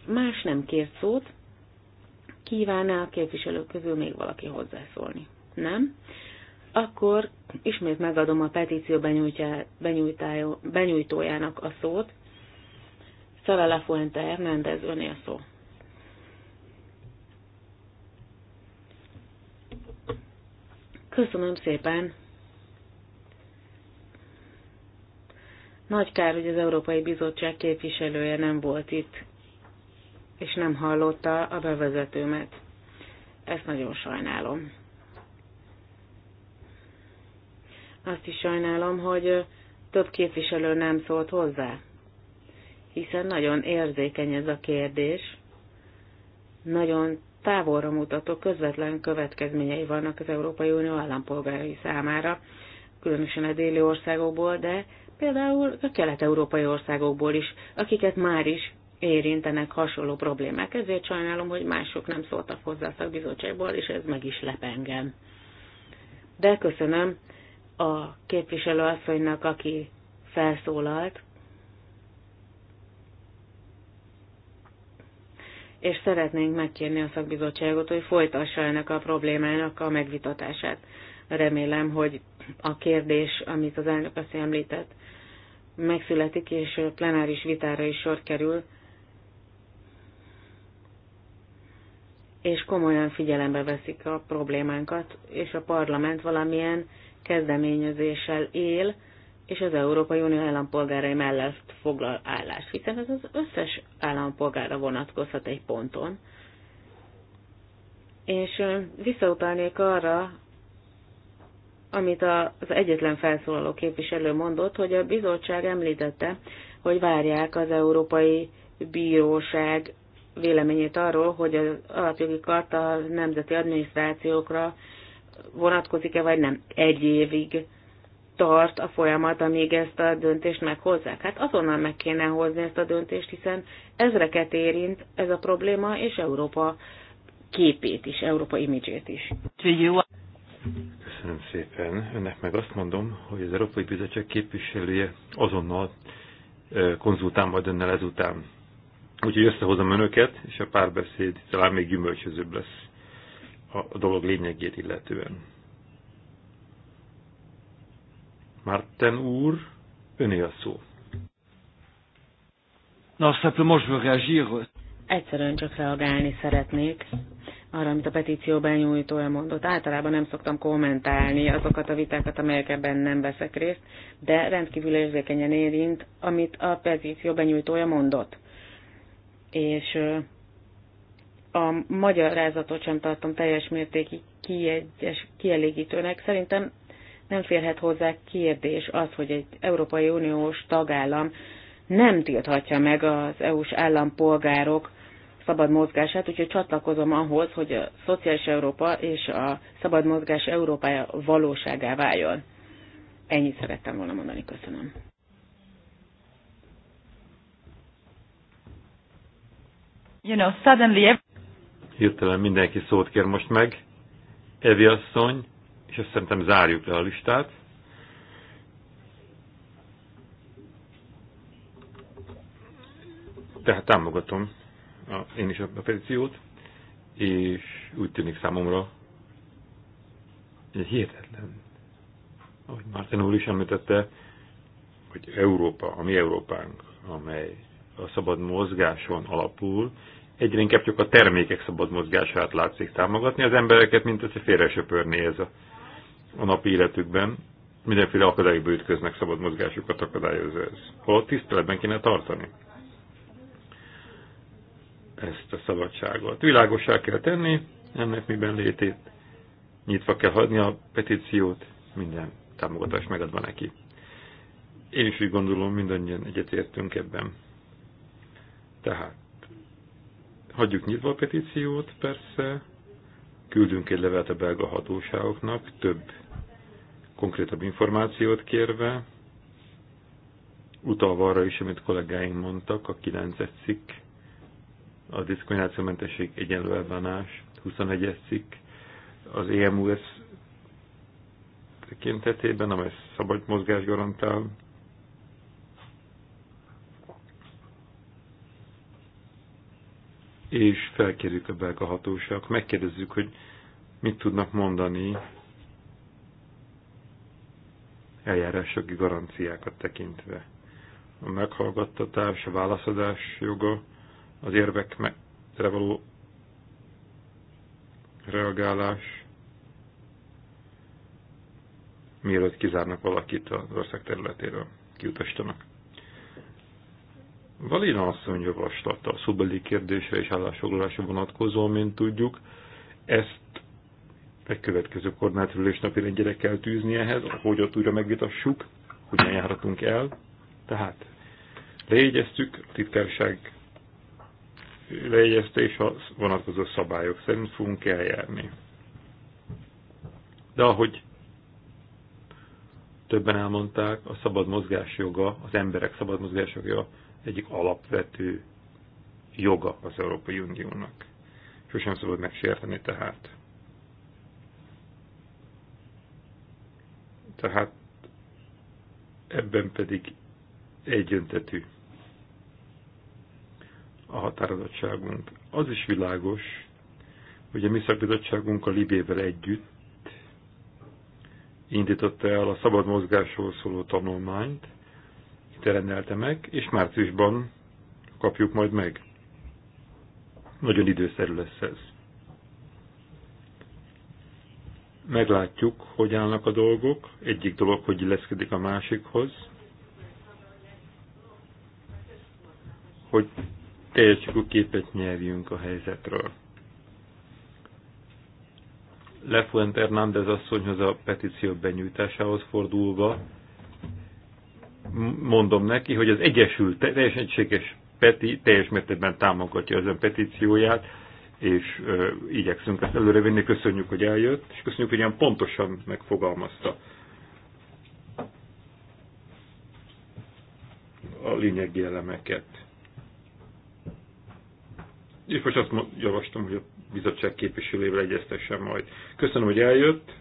Más nem kért szót. Kívánná a képviselők közül még valaki hozzászólni? Nem? Akkor ismét megadom a petíció benyújtójának a szót. La Fuente Hernández, öné a szó. Köszönöm szépen! Nagy kár, hogy az Európai Bizottság képviselője nem volt itt és nem hallotta a bevezetőmet. Ezt nagyon sajnálom. Azt is sajnálom, hogy több képviselő nem szólt hozzá, hiszen nagyon érzékeny ez a kérdés, nagyon távolra mutató közvetlen következményei vannak az Európai Unió állampolgárai számára, különösen a déli országokból, de például a kelet-európai országokból is, akiket már is érintenek hasonló problémák. Ezért sajnálom, hogy mások nem szóltak hozzá a szakbizottságból, és ez meg is lep engem. De köszönöm a képviselőasszonynak, aki felszólalt, és szeretnénk megkérni a szakbizottságot, hogy folytassa ennek a problémának a megvitatását. Remélem, hogy a kérdés, amit az elnök azt említett, megszületik, és plenáris vitára is sor kerül, és komolyan figyelembe veszik a problémánkat, és a parlament valamilyen kezdeményezéssel él, és az Európai Unió állampolgárai mellett foglal állást, hiszen ez az összes állampolgára vonatkozhat egy ponton. És visszautalnék arra, amit az egyetlen felszólaló képviselő mondott, hogy a bizottság említette, hogy várják az Európai Bíróság véleményét arról, hogy az alapjogi karta a nemzeti adminisztrációkra vonatkozik-e vagy nem. Egy évig tart a folyamat, amíg ezt a döntést meghozzák. Hát azonnal meg kéne hozni ezt a döntést, hiszen ezreket érint ez a probléma, és Európa képét is, Európa imidzsét is. Köszönöm szépen. Önnek meg azt mondom, hogy az Európai Bizottság képviselője azonnal eh, konzultál majd önnel ezután. Úgyhogy összehozom önöket, és a párbeszéd talán még gyümölcsözőbb lesz a dolog lényegét illetően. Márten úr, öné a szó. Na, azt je veux Egyszerűen csak reagálni szeretnék arra, amit a petíció benyújtó mondott. Általában nem szoktam kommentálni azokat a vitákat, amelyek ebben nem veszek részt, de rendkívül érzékenyen érint, amit a petíció benyújtója mondott és a magyarázatot sem tartom teljes mértékig kiegyes, kielégítőnek. Szerintem nem férhet hozzá kérdés az, hogy egy Európai Uniós tagállam nem tilthatja meg az EU-s állampolgárok szabad mozgását, úgyhogy csatlakozom ahhoz, hogy a szociális Európa és a szabad mozgás Európája valóságá váljon. Ennyit szerettem volna mondani, köszönöm. You know, suddenly Hirtelen mindenki szót kér most meg. Evi asszony, és azt szerintem zárjuk le a listát. Tehát támogatom a, én is a, a petíciót, és úgy tűnik számomra, hogy hihetetlen, ahogy Martin úr is említette, hogy Európa, a mi Európánk, amely a szabad mozgáson alapul, egyre inkább csak a termékek szabad mozgását látszik támogatni, az embereket mint ezt félre söpörni ez a, a napi életükben. Mindenféle akadályokba ütköznek szabad mozgásukat akadályozó ez. Hol tiszteletben kéne tartani ezt a szabadságot. Világosá kell tenni ennek miben létét, nyitva kell hagyni a petíciót, minden támogatás megadva neki. Én is úgy gondolom, mindannyian egyetértünk ebben. Tehát hagyjuk nyitva a petíciót, persze, küldünk egy levelet a belga hatóságoknak, több konkrétabb információt kérve, utalva arra is, amit kollégáink mondtak, a 9-es cikk, a diszkriminációmentesség egyenlő elvánás 21-es cikk, az EMUS tekintetében, amely szabad mozgás garantál, és felkérjük a belga hatóság, megkérdezzük, hogy mit tudnak mondani eljárásjogi garanciákat tekintve. A meghallgattatás, a válaszadás joga, az érvekre való reagálás, mielőtt kizárnak valakit az ország területéről, kiutasítanak. Valina asszony javaslata a szubeli kérdésre és állásfoglalásra vonatkozó, mint tudjuk, ezt egy következő koordinátorülés napirendjére kell tűzni ehhez, hogy ott újra megvitassuk, hogyan járhatunk el. Tehát lejegyeztük a titkárság lejegyezte és a vonatkozó szabályok szerint fogunk eljárni. De ahogy többen elmondták, a szabad mozgás joga, az emberek szabad mozgás joga egyik alapvető joga az Európai Uniónak. Sosem szabad megsérteni tehát. Tehát ebben pedig egyöntetű a határozottságunk. Az is világos, hogy a mi szakbizottságunk a Libével együtt indította el a szabad mozgásról szóló tanulmányt, rendelte meg, és márciusban kapjuk majd meg. Nagyon időszerű lesz ez. Meglátjuk, hogy állnak a dolgok. Egyik dolog, hogy leszkedik a másikhoz. Hogy teljes képet nyerjünk a helyzetről. Lefuente Hernández asszonyhoz a petíció benyújtásához fordulva, mondom neki, hogy az Egyesült, teljesen egységes Peti teljes mértékben támogatja az ön petícióját, és e, igyekszünk ezt előrevinni. Köszönjük, hogy eljött, és köszönjük, hogy ilyen pontosan megfogalmazta a lényegi elemeket. És most azt javaslom hogy a bizottság képviselővel egyeztessen majd. Köszönöm, hogy eljött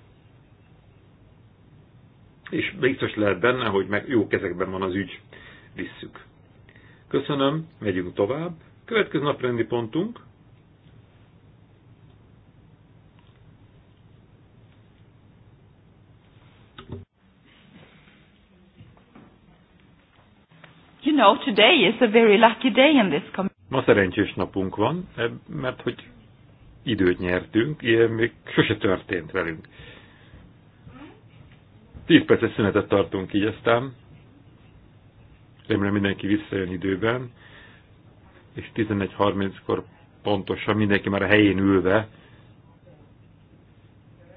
és biztos lehet benne, hogy meg jó kezekben van az ügy. Visszük. Köszönöm, megyünk tovább. Következő naprendi pontunk. You know, today is a very lucky day in this Ma szerencsés napunk van, mert hogy időt nyertünk, ilyen még sose történt velünk. Tíz perces szünetet tartunk így aztán. Remélem mindenki visszajön időben, és 11.30-kor pontosan mindenki már a helyén ülve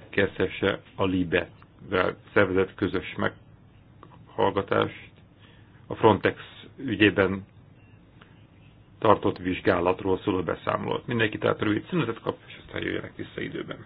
kezdhesse a LIBE szervezett közös meghallgatást a Frontex ügyében tartott vizsgálatról szóló beszámolót. Mindenki tehát rövid szünetet kap, és aztán jöjjenek vissza időben.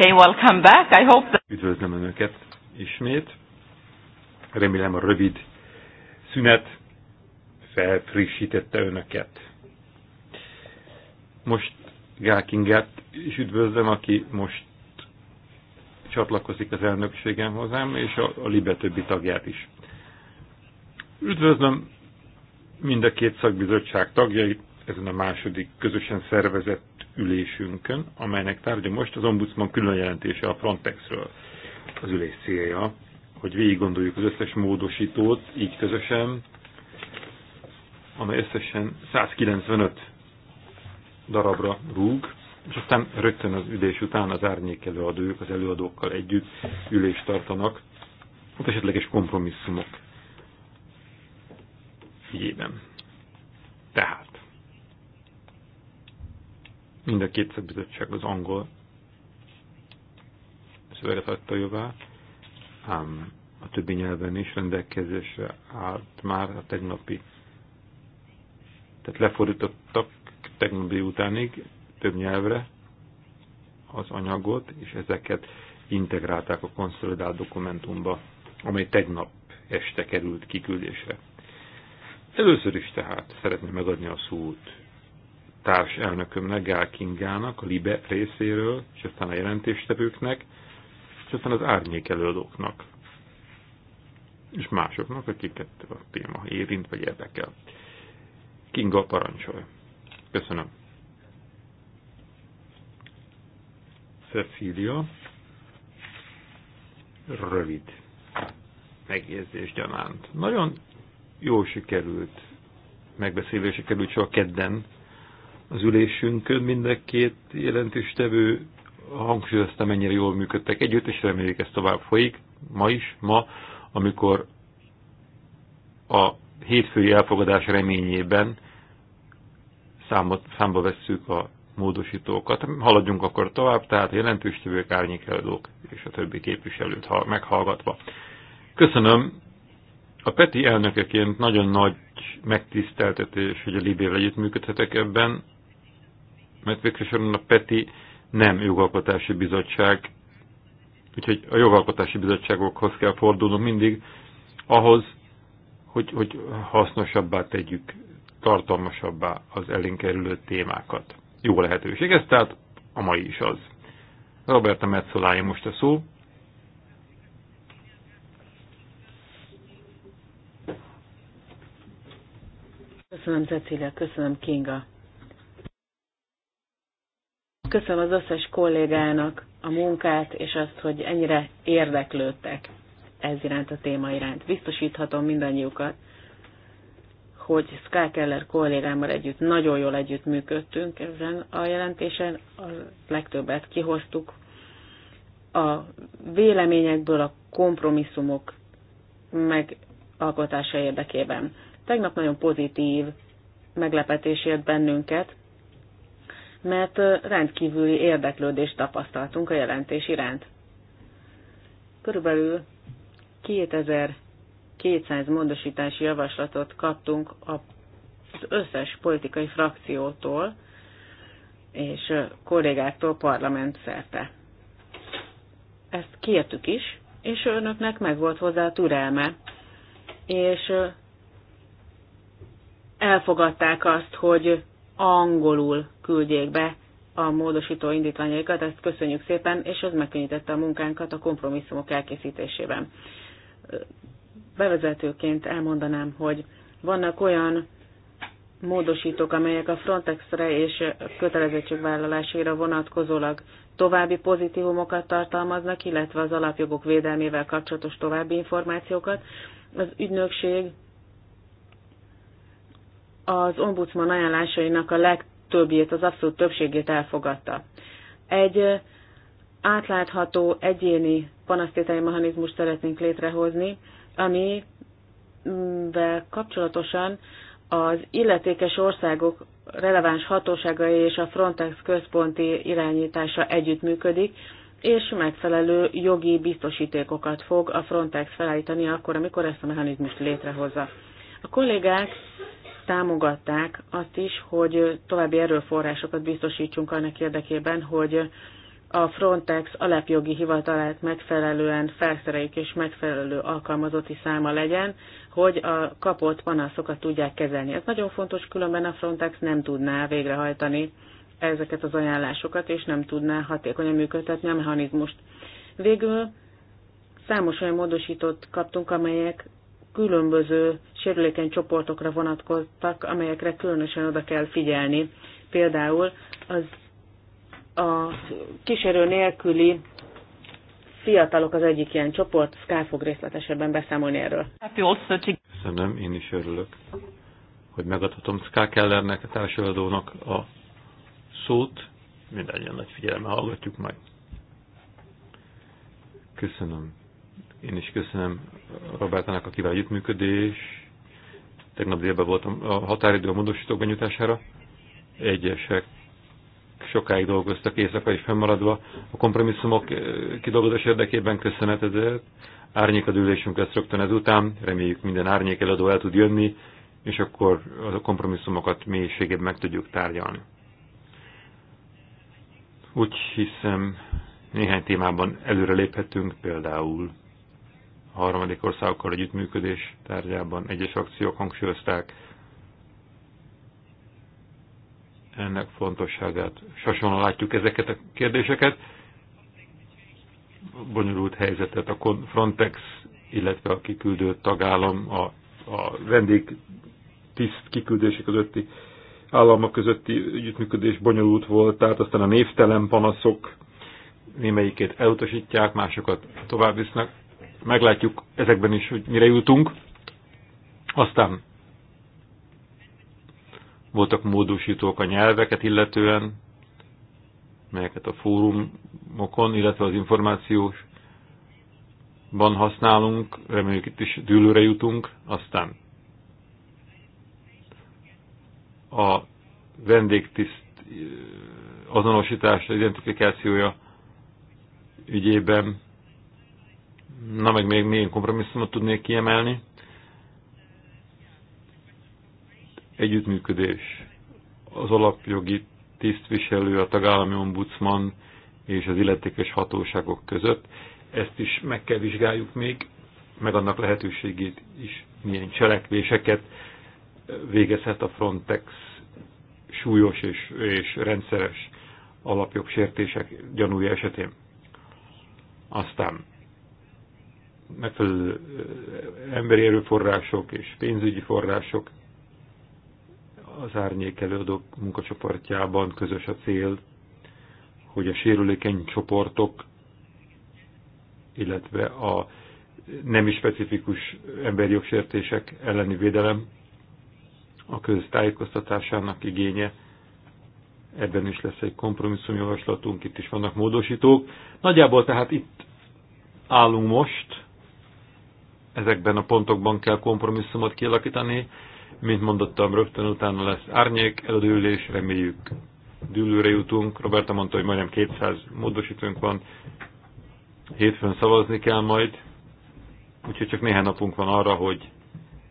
Okay, welcome back. I hope that... Üdvözlöm Önöket ismét. Remélem a rövid szünet felfrissítette Önöket. Most Gál is üdvözlöm, aki most csatlakozik az elnökségem hozzám, és a, a Libe többi tagját is. Üdvözlöm mind a két szakbizottság tagjait ezen a második közösen szervezett ülésünkön, amelynek tárgya most az ombudsman külön jelentése a Frontexről. Az ülés célja, hogy végig gondoljuk az összes módosítót, így közösen, amely összesen 195 darabra rúg, és aztán rögtön az ülés után az árnyék előadók, az előadókkal együtt ülést tartanak, ott hát esetleges kompromisszumok figyében. Tehát mind a kétszer bizottság az angol szöveget adta jobbá, ám a többi nyelven is rendelkezésre állt már a tegnapi. Tehát lefordítottak tegnapi utánig több nyelvre az anyagot, és ezeket integrálták a konszolidált dokumentumba, amely tegnap este került kiküldésre. Először is tehát szeretném megadni a szót társ elnökömnek, Gál Kingának, a LIBE részéről, és aztán a jelentéstevőknek, és aztán az árnyék előadóknak, és másoknak, akiket a téma érint vagy érdekel. Kinga parancsolja. Köszönöm. Cecília. Rövid megjegyzés gyanánt. Nagyon jól sikerült megbeszélésre került csak kedden az ülésünkön mind a két jelentős tevő hangsúlyozta, mennyire jól működtek együtt, és reméljük ez tovább folyik, ma is, ma, amikor a hétfői elfogadás reményében számot, számba vesszük a módosítókat. Haladjunk akkor tovább, tehát jelentős tevők, árnyékelők és a többi képviselőt meghallgatva. Köszönöm. A Peti elnökeként nagyon nagy megtiszteltetés, hogy a Libével együttműködhetek ebben mert végsősorban a PETI nem jogalkotási bizottság, úgyhogy a jogalkotási bizottságokhoz kell fordulnunk mindig ahhoz, hogy, hogy hasznosabbá tegyük, tartalmasabbá az elénkerülő témákat. Jó lehetőség, ez tehát a mai is az. Roberta Metzolája most a szó. Köszönöm, Cecilia, köszönöm, Kinga. Köszönöm az összes kollégának a munkát, és azt, hogy ennyire érdeklődtek ez iránt a téma iránt. Biztosíthatom mindannyiukat, hogy Skákeller kollégámmal együtt nagyon jól együtt működtünk ezen a jelentésen, a legtöbbet kihoztuk. A véleményekből a kompromisszumok megalkotása érdekében. Tegnap nagyon pozitív meglepetés ért bennünket, mert rendkívüli érdeklődést tapasztaltunk a jelentés iránt. Körülbelül 2200 módosítási javaslatot kaptunk az összes politikai frakciótól és kollégáktól parlament szerte. Ezt kértük is, és önöknek megvolt hozzá a türelme, és elfogadták azt, hogy angolul küldjék be a módosító indítványaikat, ezt köszönjük szépen, és ez megkönnyítette a munkánkat a kompromisszumok elkészítésében. Bevezetőként elmondanám, hogy vannak olyan módosítók, amelyek a Frontexre és kötelezettségvállalásére vonatkozólag további pozitívumokat tartalmaznak, illetve az alapjogok védelmével kapcsolatos további információkat. Az ügynökség az ombudsman ajánlásainak a legtöbbjét, az abszolút többségét elfogadta. Egy átlátható egyéni panasztételi mechanizmust szeretnénk létrehozni, amivel kapcsolatosan az illetékes országok releváns hatóságai és a Frontex központi irányítása együttműködik, és megfelelő jogi biztosítékokat fog a Frontex felállítani akkor, amikor ezt a mechanizmust létrehozza. A kollégák támogatták azt is, hogy további erőforrásokat biztosítsunk annak érdekében, hogy a Frontex alapjogi hivatalát megfelelően felszereljük és megfelelő alkalmazotti száma legyen, hogy a kapott panaszokat tudják kezelni. Ez nagyon fontos, különben a Frontex nem tudná végrehajtani ezeket az ajánlásokat, és nem tudná hatékonyan működtetni a mechanizmust. Végül számos olyan módosítót kaptunk, amelyek különböző sérülékeny csoportokra vonatkoztak, amelyekre különösen oda kell figyelni. Például az a kísérő nélküli fiatalok az egyik ilyen csoport, Szkál fog részletesebben beszámolni erről. Köszönöm, én is örülök, hogy megadhatom Szkál Kellernek, a társadalónak a szót. Mindannyian nagy figyelme hallgatjuk majd. Köszönöm. Én is köszönöm Robertának, a kiváló együttműködés. Tegnap délben voltam a határidő a módosítók benyújtására. Egyesek sokáig dolgoztak éjszaka is fennmaradva. A kompromisszumok kidolgozás érdekében köszönet ezért. Árnyékadülésünk lesz rögtön ezután. Reméljük minden árnyék eladó el tud jönni, és akkor a kompromisszumokat mélységében meg tudjuk tárgyalni. Úgy hiszem, néhány témában előre léphetünk, például harmadik országokkal együttműködés tárgyában egyes akciók hangsúlyozták ennek fontosságát. Sasonnan látjuk ezeket a kérdéseket. Bonyolult helyzetet a Frontex, illetve a kiküldő tagállam, a, a vendég tiszt kiküldési közötti államok közötti együttműködés bonyolult volt, tehát aztán a névtelen panaszok némelyikét elutasítják, másokat tovább visznek meglátjuk ezekben is, hogy mire jutunk. Aztán voltak módosítók a nyelveket illetően, melyeket a fórumokon, illetve az információsban használunk, reméljük itt is dűlőre jutunk, aztán a vendégtiszt azonosítása, identifikációja ügyében Na, meg még milyen kompromisszumot tudnék kiemelni? Együttműködés. Az alapjogi tisztviselő, a tagállami ombudsman és az illetékes hatóságok között. Ezt is meg kell vizsgáljuk még, meg annak lehetőségét is, milyen cselekvéseket végezhet a Frontex súlyos és, és rendszeres alapjogsértések gyanúja esetén. Aztán megfelelő emberi erőforrások és pénzügyi források az árnyék előadók munkacsoportjában közös a cél, hogy a sérülékeny csoportok, illetve a nem is specifikus emberi jogsértések elleni védelem a köztájékoztatásának igénye. Ebben is lesz egy kompromisszumjavaslatunk, itt is vannak módosítók. Nagyjából tehát itt állunk most, ezekben a pontokban kell kompromisszumot kialakítani. Mint mondottam, rögtön utána lesz árnyék, eladőülés, reméljük dűlőre jutunk. Roberta mondta, hogy majdnem 200 módosítónk van, hétfőn szavazni kell majd, úgyhogy csak néhány napunk van arra, hogy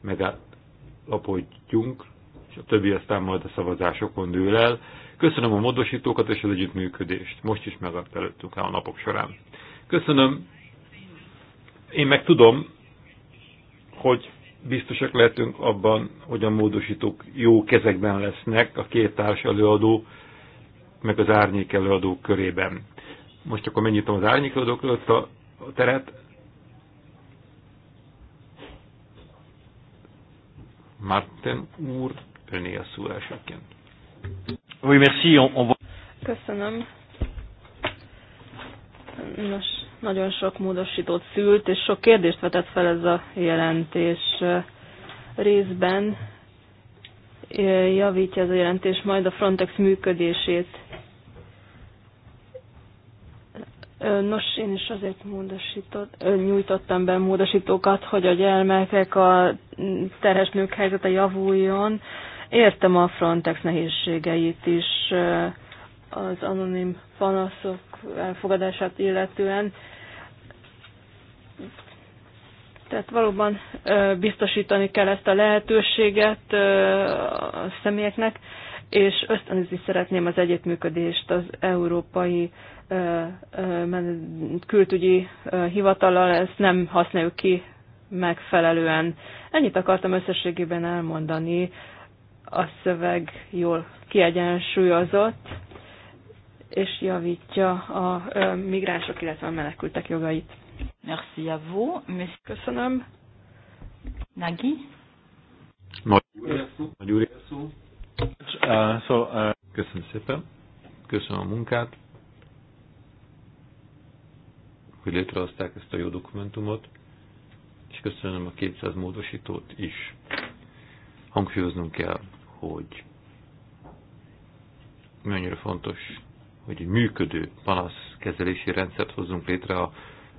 megállapodjunk, és a többi aztán majd a szavazásokon dől el. Köszönöm a módosítókat és az együttműködést. Most is megadt előttünk el a napok során. Köszönöm. Én meg tudom, hogy biztosak lehetünk abban, hogy a módosítók jó kezekben lesznek a két társ előadó, meg az árnyék előadó körében. Most akkor megnyitom az árnyék előadók előtt a teret. Martin úr, öné a szó elsőként. Köszönöm. Nos, nagyon sok módosítót szült, és sok kérdést vetett fel ez a jelentés részben. Javítja ez a jelentés majd a Frontex működését. Nos, én is azért módosított, nyújtottam be módosítókat, hogy a gyermekek, a terhes nők helyzete javuljon. Értem a Frontex nehézségeit is, az anonim panaszok elfogadását illetően. Tehát valóban biztosítani kell ezt a lehetőséget a személyeknek, és ösztönözni szeretném az együttműködést az Európai Külügyi Hivatallal, ezt nem használjuk ki megfelelően. Ennyit akartam összességében elmondani, a szöveg jól kiegyensúlyozott, és javítja a migránsok, illetve a menekültek jogait. Merci à vous. Köszönöm. Nagy. Nagy úr, uh, uh, köszönöm szépen, köszönöm a munkát, hogy létrehozták ezt a jó dokumentumot, és köszönöm a 200 módosítót is. Hangsúlyoznunk kell, hogy mennyire fontos hogy egy működő panaszkezelési rendszert hozzunk létre a,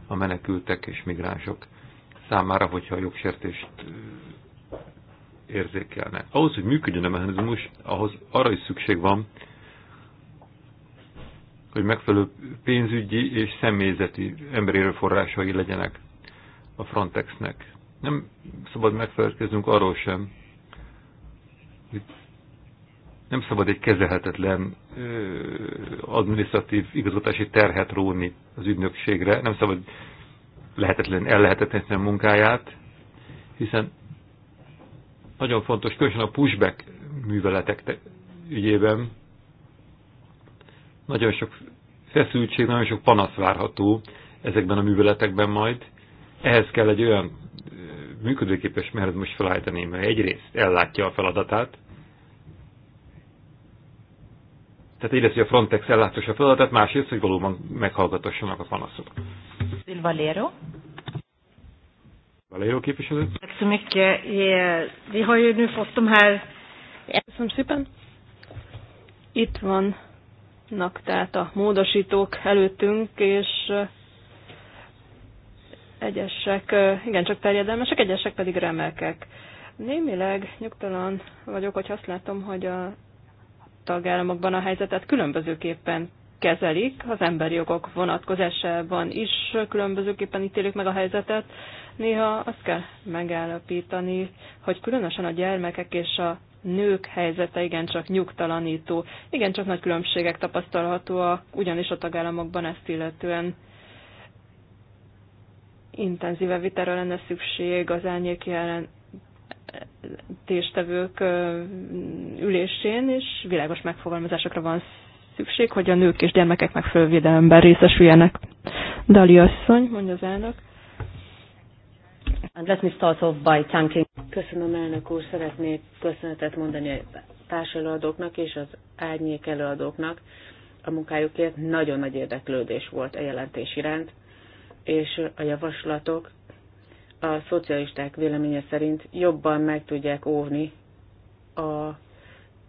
a menekültek és migránsok számára, hogyha a jogsértést érzékelnek. Ahhoz, hogy működjön a mechanizmus, ahhoz arra is szükség van, hogy megfelelő pénzügyi és személyzeti emberi erőforrásai legyenek a Frontexnek. Nem szabad megfelelkeznünk arról sem, hogy nem szabad egy kezelhetetlen administratív igazgatási terhet róni az ügynökségre, nem szabad lehetetlen, lehetetlen a munkáját, hiszen nagyon fontos, különösen a pushback műveletek ügyében nagyon sok feszültség, nagyon sok panasz várható ezekben a műveletekben majd. Ehhez kell egy olyan működőképes mechanizmus felállítani, mert egyrészt ellátja a feladatát, Tehát egyrészt, hogy a Frontex ellátása feladatát, másrészt, hogy valóban meghallgatassanak a panaszokat. Valero. Valero képviselő. Eh, Köszönöm szépen. Itt vannak tehát a módosítók előttünk, és eh, egyesek eh, igen csak terjedelmesek, egyesek pedig remelkek. Némileg nyugtalan vagyok, hogy azt látom, hogy a tagállamokban a helyzetet különbözőképpen kezelik, az emberi jogok vonatkozásában is különbözőképpen ítélik meg a helyzetet. Néha azt kell megállapítani, hogy különösen a gyermekek és a nők helyzete igencsak nyugtalanító, igencsak nagy különbségek tapasztalhatóak, ugyanis a tagállamokban ezt illetően intenzíve vitára lenne szükség az árnyék jelen jelentéstevők ülésén, és világos megfogalmazásokra van szükség, hogy a nők és gyermekek megfelelő védelemben részesüljenek. Dali asszony, mondja az elnök. And let me start off by thanking. Köszönöm, elnök úr, szeretnék köszönetet mondani a társelőadóknak és az árnyék előadóknak. A munkájukért nagyon nagy érdeklődés volt a jelentés iránt, és a javaslatok a szocialisták véleménye szerint jobban meg tudják óvni a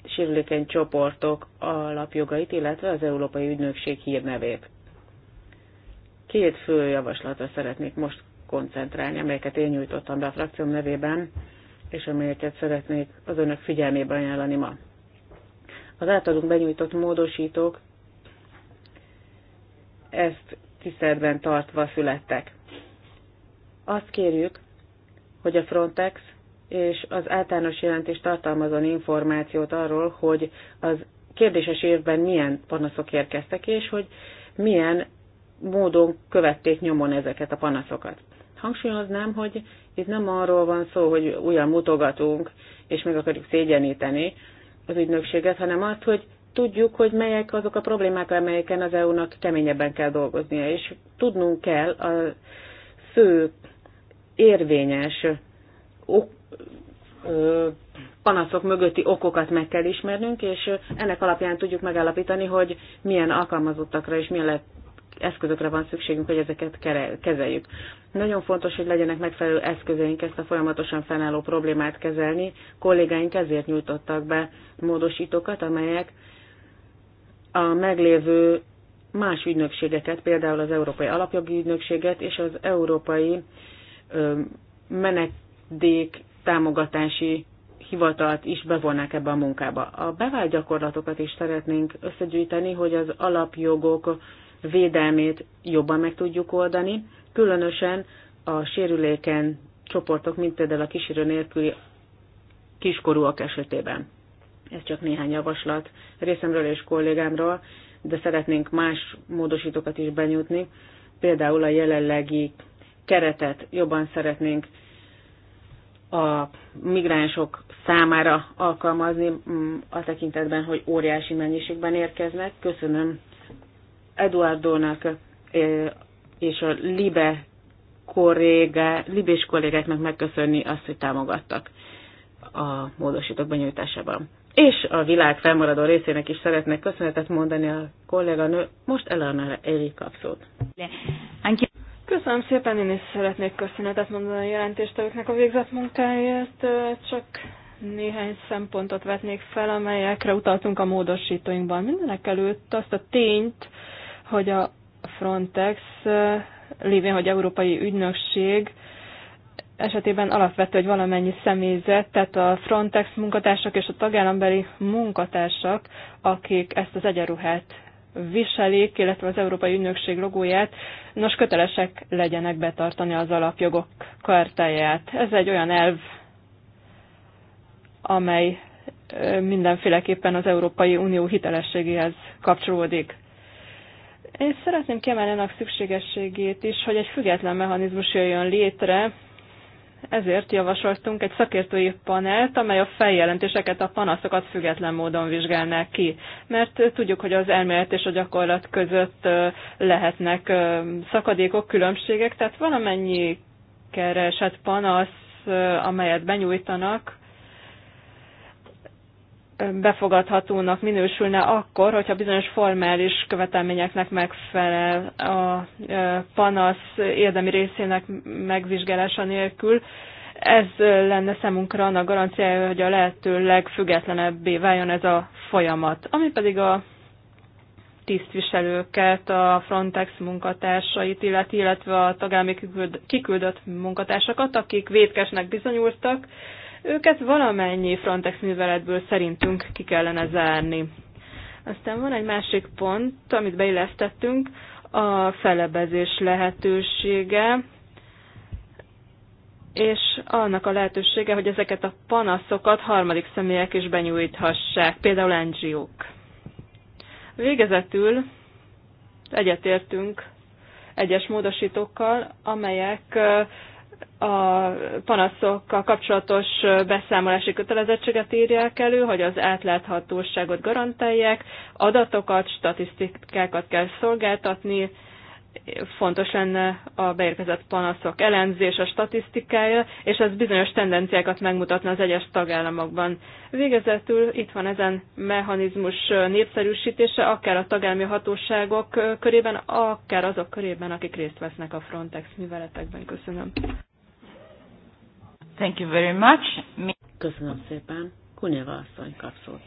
sérülékeny csoportok alapjogait, illetve az Európai Ügynökség hírnevét. Két fő javaslatra szeretnék most koncentrálni, amelyeket én nyújtottam be a frakcióm nevében, és amelyeket szeretnék az önök figyelmébe ajánlani ma. Az általunk benyújtott módosítók ezt tiszteletben tartva születtek. Azt kérjük, hogy a Frontex és az általános jelentés tartalmazon információt arról, hogy az kérdéses évben milyen panaszok érkeztek, és hogy milyen módon követték nyomon ezeket a panaszokat. Hangsúlyoznám, hogy itt nem arról van szó, hogy újra mutogatunk, és meg akarjuk szégyeníteni az ügynökséget, hanem azt, hogy tudjuk, hogy melyek azok a problémák, amelyeken az EU-nak keményebben kell dolgoznia, és tudnunk kell a fő érvényes ok, ö, panaszok mögötti okokat meg kell ismernünk, és ennek alapján tudjuk megállapítani, hogy milyen alkalmazottakra és milyen eszközökre van szükségünk, hogy ezeket kezeljük. Nagyon fontos, hogy legyenek megfelelő eszközeink ezt a folyamatosan fennálló problémát kezelni. Kollégáink ezért nyújtottak be módosítókat, amelyek a meglévő más ügynökségeket, például az Európai Alapjogi Ügynökséget és az Európai menedék támogatási hivatalt is bevonnák ebbe a munkába. A bevált gyakorlatokat is szeretnénk összegyűjteni, hogy az alapjogok védelmét jobban meg tudjuk oldani, különösen a sérüléken csoportok, mint például a kísérő nélküli kiskorúak esetében. Ez csak néhány javaslat részemről és kollégámról, de szeretnénk más módosítókat is benyújtni, például a jelenlegi keretet jobban szeretnénk a migránsok számára alkalmazni mm, a tekintetben, hogy óriási mennyiségben érkeznek. Köszönöm Eduardónak és a Libe kollégá, libés kollégáknak megköszönni azt, hogy támogattak a módosítók benyújtásában. És a világ felmaradó részének is szeretnék köszönetet mondani a kolléganő, most Elana Eli kapszót. Köszönöm szépen, én is szeretnék köszönetet mondani a jelentéstevőknek a végzett munkáért, csak néhány szempontot vetnék fel, amelyekre utaltunk a módosítóinkban. Mindenek előtt azt a tényt, hogy a Frontex, lévén, hogy Európai Ügynökség esetében alapvető, hogy valamennyi személyzet, tehát a Frontex munkatársak és a tagállambeli munkatársak, akik ezt az egyenruhát viselik, illetve az Európai Ügynökség logóját, nos kötelesek legyenek betartani az alapjogok kartáját. Ez egy olyan elv, amely mindenféleképpen az Európai Unió hitelességéhez kapcsolódik. Én szeretném kiemelni annak szükségességét is, hogy egy független mechanizmus jöjjön létre, ezért javasoltunk egy szakértői panelt, amely a feljelentéseket, a panaszokat független módon vizsgálná ki. Mert tudjuk, hogy az elmélet és a gyakorlat között lehetnek szakadékok, különbségek, tehát valamennyi keresett panasz, amelyet benyújtanak, befogadhatónak minősülne akkor, hogyha bizonyos formális követelményeknek megfelel a e, panasz érdemi részének megvizsgálása nélkül. Ez lenne számunkra annak garanciája, hogy a lehető legfüggetlenebbé váljon ez a folyamat. Ami pedig a tisztviselőket, a Frontex munkatársait, illet, illetve a tagállami kiküldött munkatársakat, akik védkesnek bizonyultak, őket valamennyi Frontex műveletből szerintünk ki kellene zárni. Aztán van egy másik pont, amit beillesztettünk, a felebezés lehetősége, és annak a lehetősége, hogy ezeket a panaszokat harmadik személyek is benyújthassák, például NGO-k. Végezetül egyetértünk egyes módosítókkal, amelyek a panaszokkal kapcsolatos beszámolási kötelezettséget írják elő, hogy az átláthatóságot garantálják, adatokat, statisztikákat kell szolgáltatni, fontos lenne a beérkezett panaszok elemzés, a statisztikája, és ez bizonyos tendenciákat megmutatna az egyes tagállamokban. Végezetül itt van ezen mechanizmus népszerűsítése, akár a tagállami hatóságok körében, akár azok körében, akik részt vesznek a Frontex műveletekben. Köszönöm. Thank you very much. Köszönöm szépen. Kunyava asszony kapszót.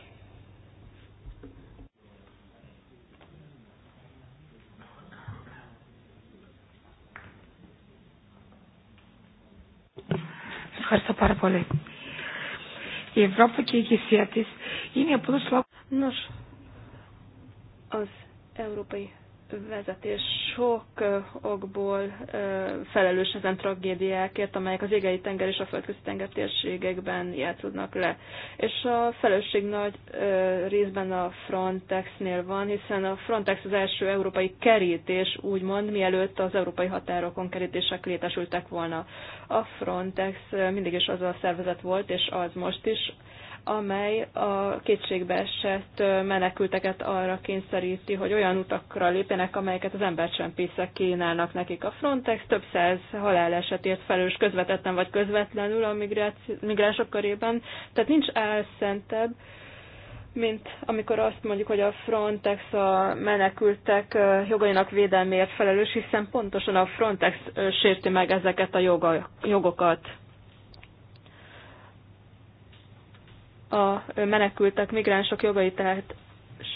Ευχαριστώ πάρα πολύ. Η Ευρώπη και η ηγεσία της είναι απλώς Nos, az Európai vezetés sok okból felelős ezen tragédiákért, amelyek az égei tenger és a földközi tenger térségekben játszódnak le. És a felelősség nagy részben a Frontexnél van, hiszen a Frontex az első európai kerítés, úgymond, mielőtt az európai határokon kerítések létesültek volna. A Frontex mindig is az a szervezet volt, és az most is, amely a kétségbeesett menekülteket arra kényszeríti, hogy olyan utakra lépjenek, amelyeket az embercsempészek kínálnak nekik. A Frontex több száz halálesetért felelős közvetetten vagy közvetlenül a migránsok körében, tehát nincs álszentebb, mint amikor azt mondjuk, hogy a Frontex a menekültek jogainak védelméért felelős, hiszen pontosan a Frontex sérti meg ezeket a joga, jogokat. a menekültek, migránsok jogai tehát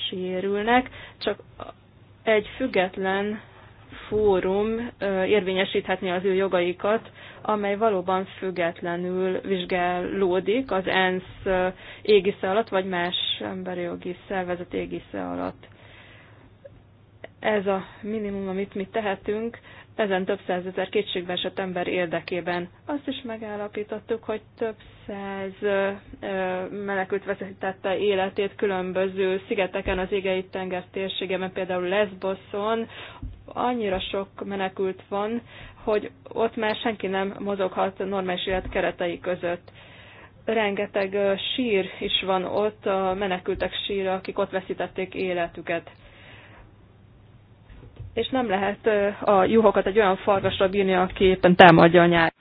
sérülnek, csak egy független fórum érvényesíthetni az ő jogaikat, amely valóban függetlenül vizsgálódik az ENSZ égisze alatt, vagy más emberi jogi szervezet égisze alatt. Ez a minimum, amit mi tehetünk, ezen több százezer kétségbe esett ember érdekében. Azt is megállapítottuk, hogy több száz menekült veszítette életét különböző szigeteken az égei tenger térségében, például Lesboszon. Annyira sok menekült van, hogy ott már senki nem mozoghat normális élet keretei között. Rengeteg sír is van ott, a menekültek sír, akik ott veszítették életüket és nem lehet a juhokat egy olyan farkasra bírni, aki éppen támadja a nyár.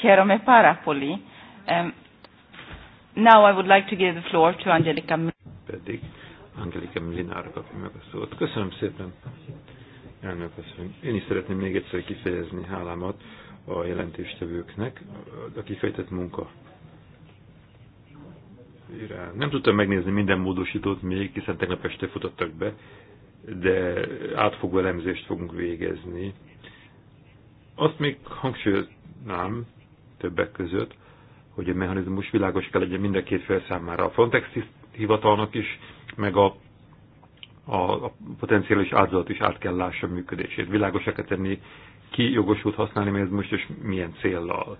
Kérem, parapoli. Um, now I would like to give the floor to Angelica Pedig Angelika Milinára kapja meg a szót. Köszönöm szépen, elnök asszony. Én is szeretném még egyszer kifejezni hálámat a jelentéstevőknek, a kifejtett munka irán. Nem tudtam megnézni minden módosítót még, hiszen tegnap este futottak be, de átfogó elemzést fogunk végezni. Azt még hangsúlyoznám többek között, hogy a mechanizmus világos kell legyen mind a két fél számára. A Frontex hivatalnak is, meg a, a, a potenciális áldozat is át kell lássa működését. Világos kell tenni, ki jogosult használni mechanizmust és milyen céllal.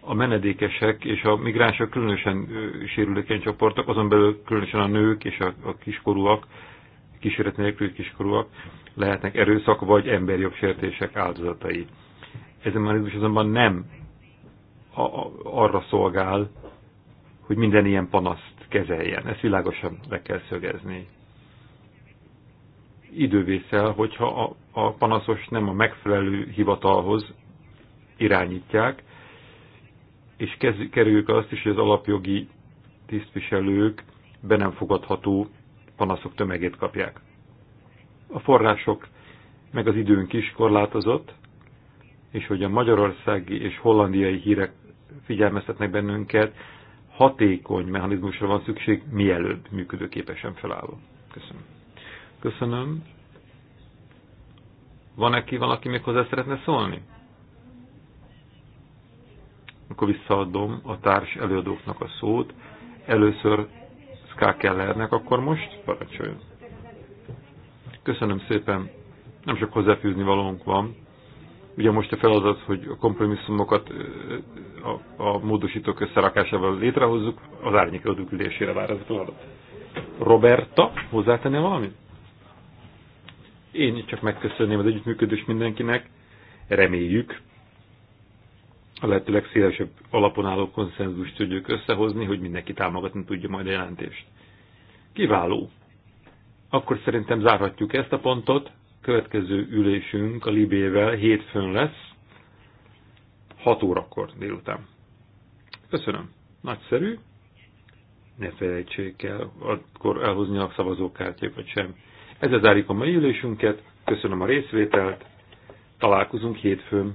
A menedékesek és a migránsok különösen sérülékeny csoportok, azon belül különösen a nők és a, a kiskorúak, kísérlet nélkül kiskorúak lehetnek erőszak vagy emberjogsértések áldozatai. Ez a mechanizmus azonban nem a, arra szolgál, hogy minden ilyen panaszt kezeljen. Ezt világosan le kell szögezni. Idővészel, hogyha a, a panaszos nem a megfelelő hivatalhoz irányítják, és kerüljük azt is, hogy az alapjogi tisztviselők be nem fogadható panaszok tömegét kapják. A források meg az időnk is korlátozott, és hogy a magyarországi és hollandiai hírek figyelmeztetnek bennünket, hatékony mechanizmusra van szükség, mielőbb működőképesen felálló. Köszönöm. Köszönöm. Van-e ki valaki még hozzá szeretne szólni? Akkor visszaadom a társ előadóknak a szót. Először Ska Kellernek akkor most, parancsoljon. Köszönöm szépen. Nem sok hozzáfűzni valónk van. Ugye most a feladat, hogy a kompromisszumokat a, a módosítók összerakásával létrehozzuk, az árnyék ülésére vár ez a feladat. Roberta, hozzátenné valamit? Én csak megköszönném az együttműködést mindenkinek. Reméljük, a lehető legszélesebb alapon álló konszenzust tudjuk összehozni, hogy mindenki támogatni tudja majd a jelentést. Kiváló. Akkor szerintem zárhatjuk ezt a pontot. Következő ülésünk a Libével hétfőn lesz, 6 órakor délután. Köszönöm. Nagyszerű. Ne felejtsék el akkor elhozni a szavazókártyákat sem. Ezzel zárjuk a mai ülésünket. Köszönöm a részvételt. Találkozunk hétfőn.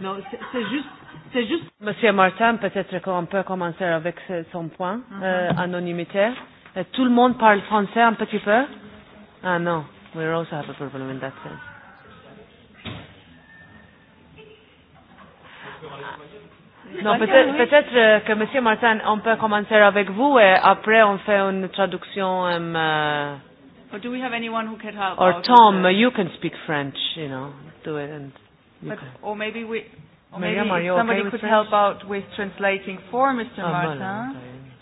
Non, c'est juste. C'est juste. Monsieur Martin, peut-être qu'on peut commencer avec son point, mm -hmm. euh, anonymité. Euh, tout le monde parle français un petit peu Ah non, we also have a problem in that sense. Non, peut-être peut, -être, euh, que Monsieur Martin, on peut commencer avec vous et après on fait une traduction. Um, uh, or do we have anyone who can help? Or Tom, the... you can speak French, you know, do it and. But, or maybe we, or maybe Miriam, somebody okay could French? help out with translating for Mr. Oh, ah, Martin.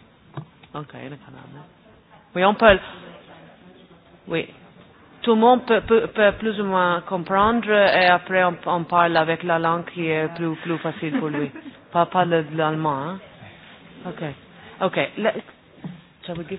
Voilà, okay. canal. Oui, on peut. Oui. Tout le monde peut, peut, peut plus ou moins comprendre et après on, on parle avec la langue qui est plus, plus facile pour lui. pas pas l'allemand. Hein? Ok. Ok. Let, shall we give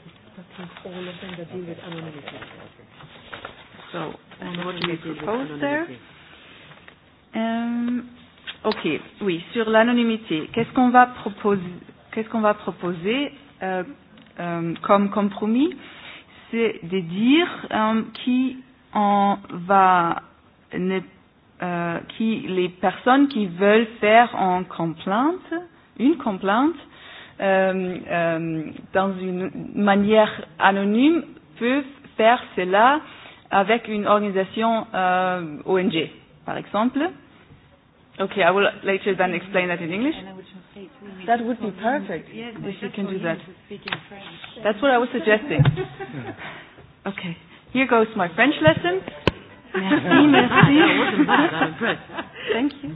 questions, all of them that deal with anonymity. So, and what do you propose there? Um, ok, oui, sur l'anonymité, qu'est-ce qu'on va proposer, qu'est-ce qu'on va proposer euh, euh, comme compromis C'est de dire euh, qui on va ne, euh, qui les personnes qui veulent faire une complainte, une complainte euh, euh, dans une manière anonyme peuvent faire cela avec une organisation euh, ONG, par exemple. Ok, I will later then explain that in English. That would be perfect if you can do that. That's what I was suggesting. okay, here goes my French lesson. Merci, merci. Thank you.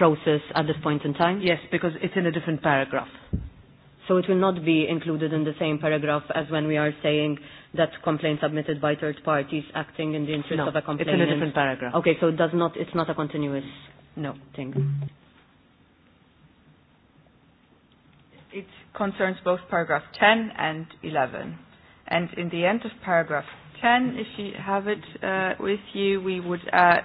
process at this point in time? Yes, because it's in a different paragraph. So it will not be included in the same paragraph as when we are saying that complaints submitted by third parties acting in the interest no, of a complainant. it's in a different paragraph. Okay, so it does not, it's not a continuous no thing. It concerns both paragraph 10 and 11. And in the end of paragraph 10, if you have it uh, with you, we would add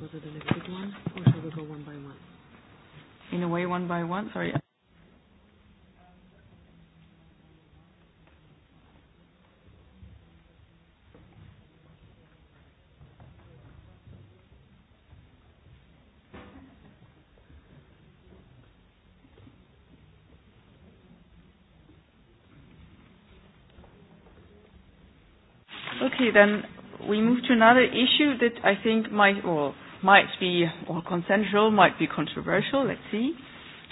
go to the next one, or should we go one by one? In a way, one by one? Sorry. Okay, then we move to another issue that I think might, well, might be or consensual, might be controversial, let's see.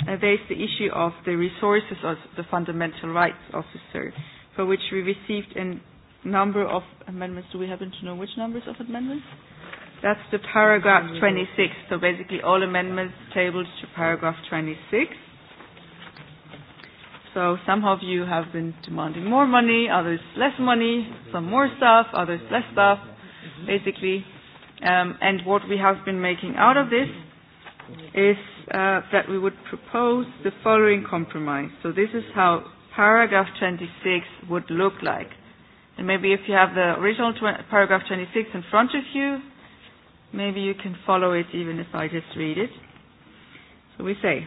Uh, there is the issue of the resources of the fundamental rights officer, for which we received a number of amendments. Do we happen to know which numbers of amendments? That's the paragraph 26. So basically all amendments tabled to paragraph 26. So some of you have been demanding more money, others less money, some more stuff, others less stuff. Basically, Um, and what we have been making out of this is uh, that we would propose the following compromise. So this is how paragraph 26 would look like. And maybe if you have the original tw- paragraph 26 in front of you, maybe you can follow it even if I just read it. So we say,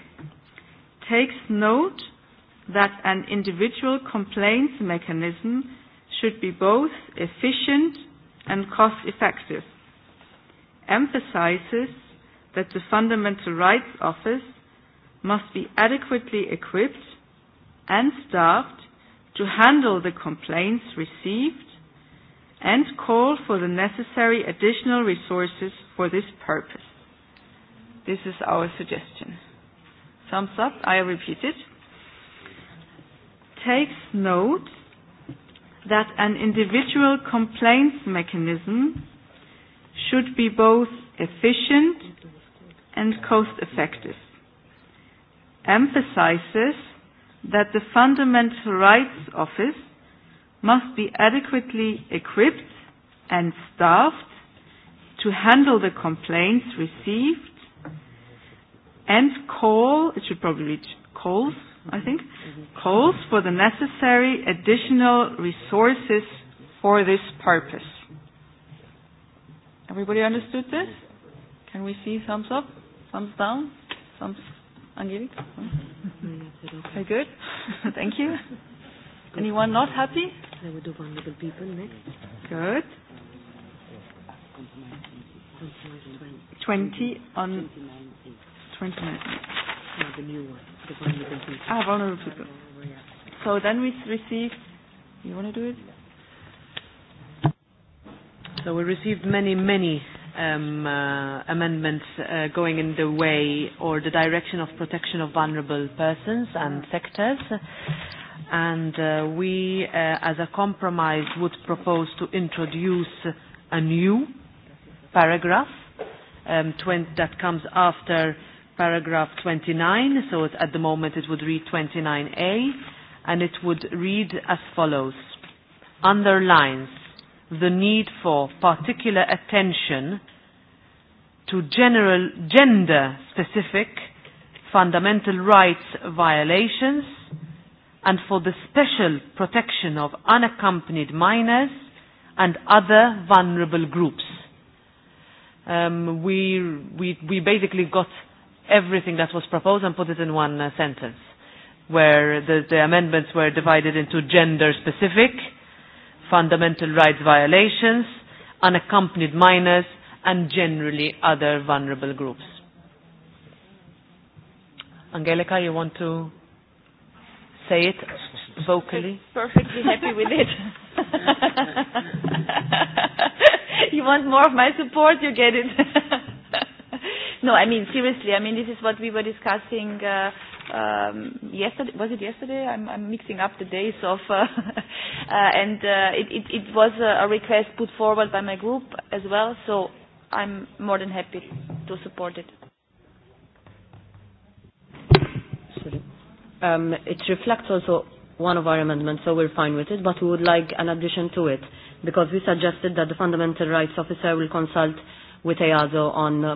takes note that an individual complaints mechanism should be both efficient and cost effective emphasizes that the Fundamental Rights Office must be adequately equipped and staffed to handle the complaints received and call for the necessary additional resources for this purpose. This is our suggestion. Thumbs up, I repeat it. Takes note that an individual complaints mechanism should be both efficient and cost effective. Emphasizes that the Fundamental Rights Office must be adequately equipped and staffed to handle the complaints received and call, it should probably be calls, I think, calls for the necessary additional resources for this purpose. Everybody understood this? Can we see thumbs up, thumbs down, thumbs Angelique? Very good. Thank you. Anyone not happy? There were two vulnerable people next. Good. 20 on 20 minutes. Ah, vulnerable people. So then we receive. you want to do it? So we received many, many um, uh, amendments uh, going in the way or the direction of protection of vulnerable persons and mm-hmm. sectors. And uh, we, uh, as a compromise, would propose to introduce a new paragraph um, 20, that comes after paragraph 29. So it, at the moment it would read 29A, and it would read as follows: underlines the need for particular attention to general gender-specific fundamental rights violations and for the special protection of unaccompanied minors and other vulnerable groups. Um, we, we, we basically got everything that was proposed and put it in one uh, sentence, where the, the amendments were divided into gender-specific, fundamental rights violations, unaccompanied minors, and generally other vulnerable groups. Angelica, you want to say it vocally? Perfectly happy with it. you want more of my support, you get it. No, I mean, seriously, I mean, this is what we were discussing uh, um, yesterday. Was it yesterday? I'm, I'm mixing up the days of. Uh, uh, and uh, it, it, it was a request put forward by my group as well, so I'm more than happy to support it. Um, it reflects also one of our amendments, so we're fine with it, but we would like an addition to it because we suggested that the fundamental rights officer will consult with EASO on uh,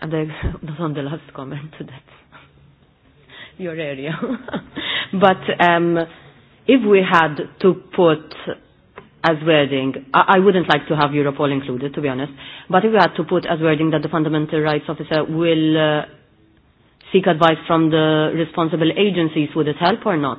And I, that's on the last comment to that. Your area. but um, if we had to put as wording, I, I wouldn't like to have Europol included, to be honest, but if we had to put as wording that the fundamental rights officer will uh, seek advice from the responsible agencies, would it help or not?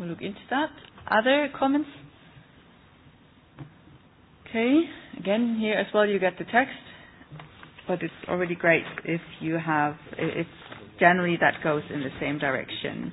We'll look into that. Other comments? Okay. Again, here as well, you get the text, but it's already great if you have. It's generally that goes in the same direction.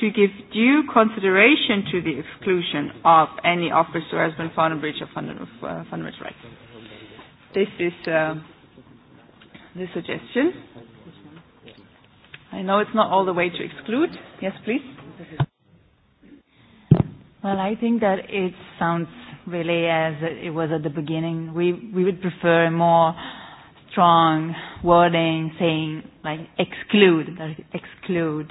to give due consideration to the exclusion of any officer who has been found in breach of uh, fundamental rights. This is uh, the suggestion. I know it's not all the way to exclude. Yes, please. Well, I think that it sounds really as it was at the beginning. We, we would prefer a more strong wording saying like exclude, exclude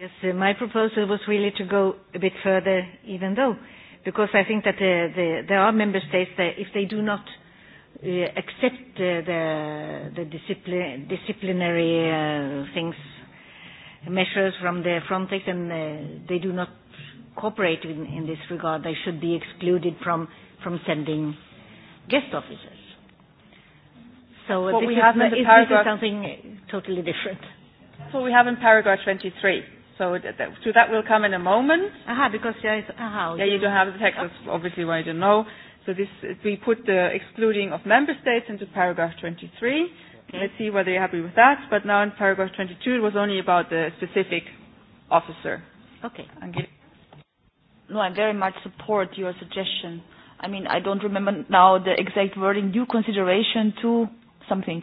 Yes, uh, my proposal was really to go a bit further, even though, because I think that uh, the, there are member states that if they do not uh, accept uh, the, the discipli- disciplinary uh, things, measures from the Frontex, and uh, they do not cooperate in, in this regard, they should be excluded from, from sending guest officers. So what this, we is, have in the is, paragraph, this is something totally different. That's what we have in paragraph 23 So to that, so will come in a moment. Aha, because there is aha. Yeah, you don't have the text. That's obviously why you don't know. So this we put the excluding of member states into paragraph 23. Okay. Let's see whether you're happy with that. But now in paragraph 22, it was only about the specific officer. Okay. No, I very much support your suggestion. I mean, I don't remember now the exact wording. Due consideration to something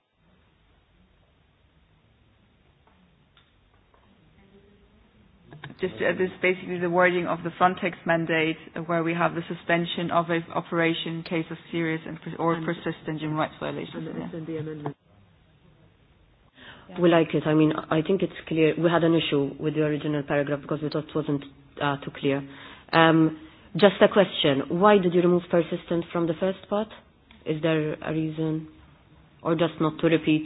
just uh, this is basically the wording of the Frontex mandate, uh, where we have the suspension of an operation in case of serious and pers or and persistent human rights violations. And, yeah. the Yeah. We like it. I mean, I think it's clear. We had an issue with the original paragraph because we thought it wasn't uh, too clear. Um, just a question. Why did you remove persistent from the first part? Is there a reason? Or just not to repeat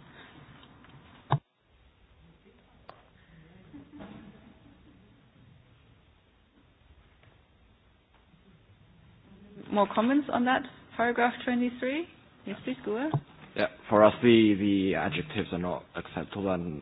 more comments on that paragraph 23? Yes, please, Gua. Yeah, for us, the, the adjectives are not acceptable, and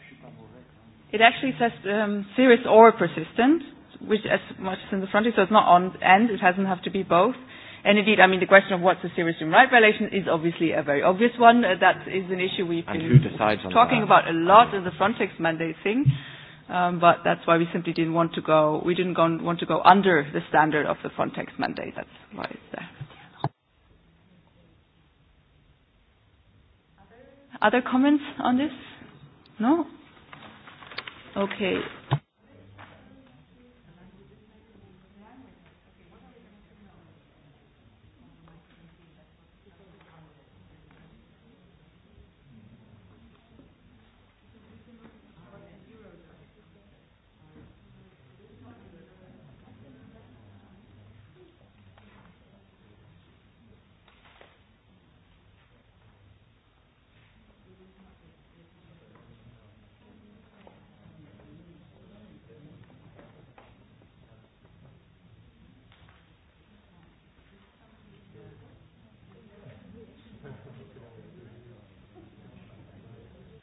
It actually says um, serious or persistent, which as much as in the front, so it's not on end, it doesn't have to be both. And indeed, I mean, the question of what's a serious human rights violation is obviously a very obvious one. Uh, that is an issue we've been talking about a lot in the Frontex mandate thing. Um, but that's why we simply didn't want to go. We didn't go, want to go under the standard of the Frontex mandate. That's why it's there. Other comments on this? No. Okay.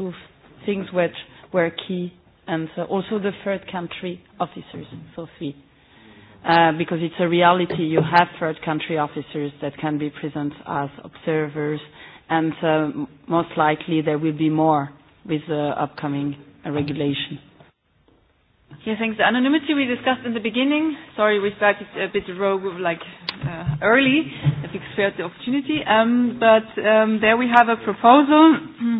two things which were key, and so uh, also the third country officers, Sophie. Uh, because it's a reality, you have third country officers that can be present as observers, and uh, most likely there will be more with the upcoming uh, regulation. Yeah, thanks. The anonymity we discussed in the beginning. Sorry, we started a bit rogue, like uh, early, because we had the opportunity. Um, but um, there we have a proposal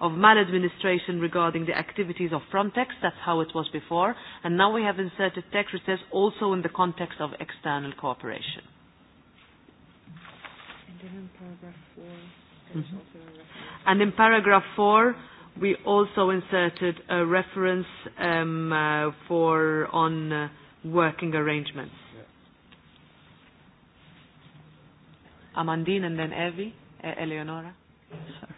of maladministration regarding the activities of Frontex. That's how it was before. And now we have inserted text which says also in the context of external cooperation. And then in paragraph four, mm -hmm. And in paragraph four, we also inserted a reference um, uh, for on uh, working arrangements. Yeah. Amandine and then Evie, uh, Eleonora. Sorry.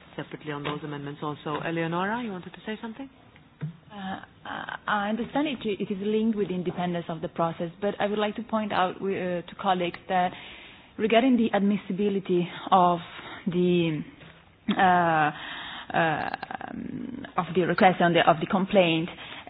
separately on those amendments also. Eleonora, you wanted to say something? Uh, I understand it, it is linked with the independence of the process, but I would like to point out uh, to colleagues that regarding the admissibility of the uh, uh, of the request and the, of the complaint, uh,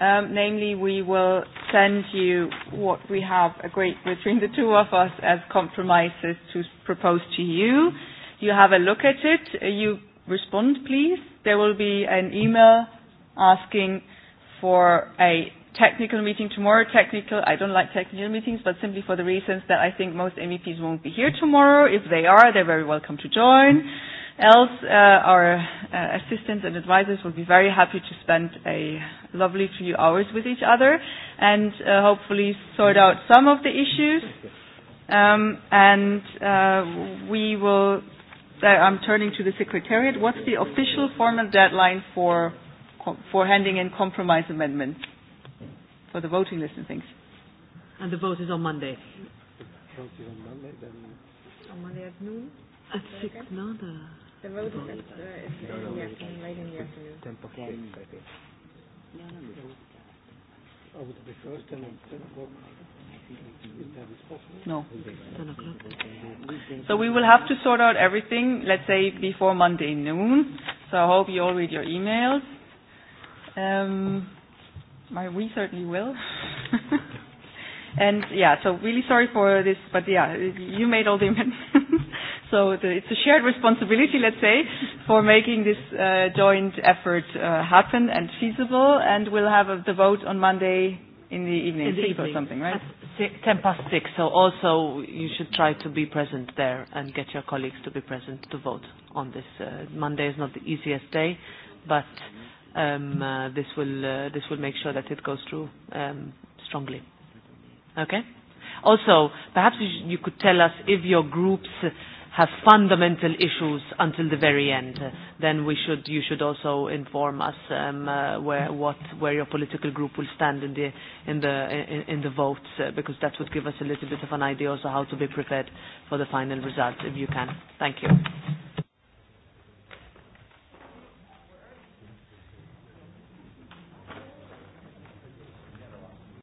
Um, namely, we will send you what we have agreed between the two of us as compromises to propose to you. You have a look at it. Uh, you respond, please. There will be an email asking for a technical meeting tomorrow. Technical, I don't like technical meetings, but simply for the reasons that I think most MEPs won't be here tomorrow. If they are, they're very welcome to join. Mm-hmm else, uh, our uh, assistants and advisors will be very happy to spend a lovely few hours with each other and uh, hopefully sort out some of the issues. Um, and uh, we will, uh, I'm turning to the Secretariat. What's the official formal deadline for, for handing in compromise amendments for the voting list and things? And the vote is on Monday. The vote is on Monday, then. On Monday at noon? At six, no, the... The is at, in the afternoon, late in the afternoon. Ten No, no, So we will have to sort out everything, let's say, before Monday noon. So I hope you all read your emails. Um, we certainly will. and yeah, so really sorry for this, but yeah, you made all the amendments. So the, it's a shared responsibility, let's say, for making this uh, joint effort uh, happen and feasible. And we'll have a, the vote on Monday in the evening, in the evening. or something, right? six, ten past six. So also you should try to be present there and get your colleagues to be present to vote on this. Uh, Monday is not the easiest day, but um, uh, this will uh, this will make sure that it goes through um, strongly. Okay. Also, perhaps you, sh- you could tell us if your groups. Uh, have fundamental issues until the very end, then we should, you should also inform us um, uh, where, what, where your political group will stand in the, in the, in, in the votes, uh, because that would give us a little bit of an idea also how to be prepared for the final result, if you can. Thank you.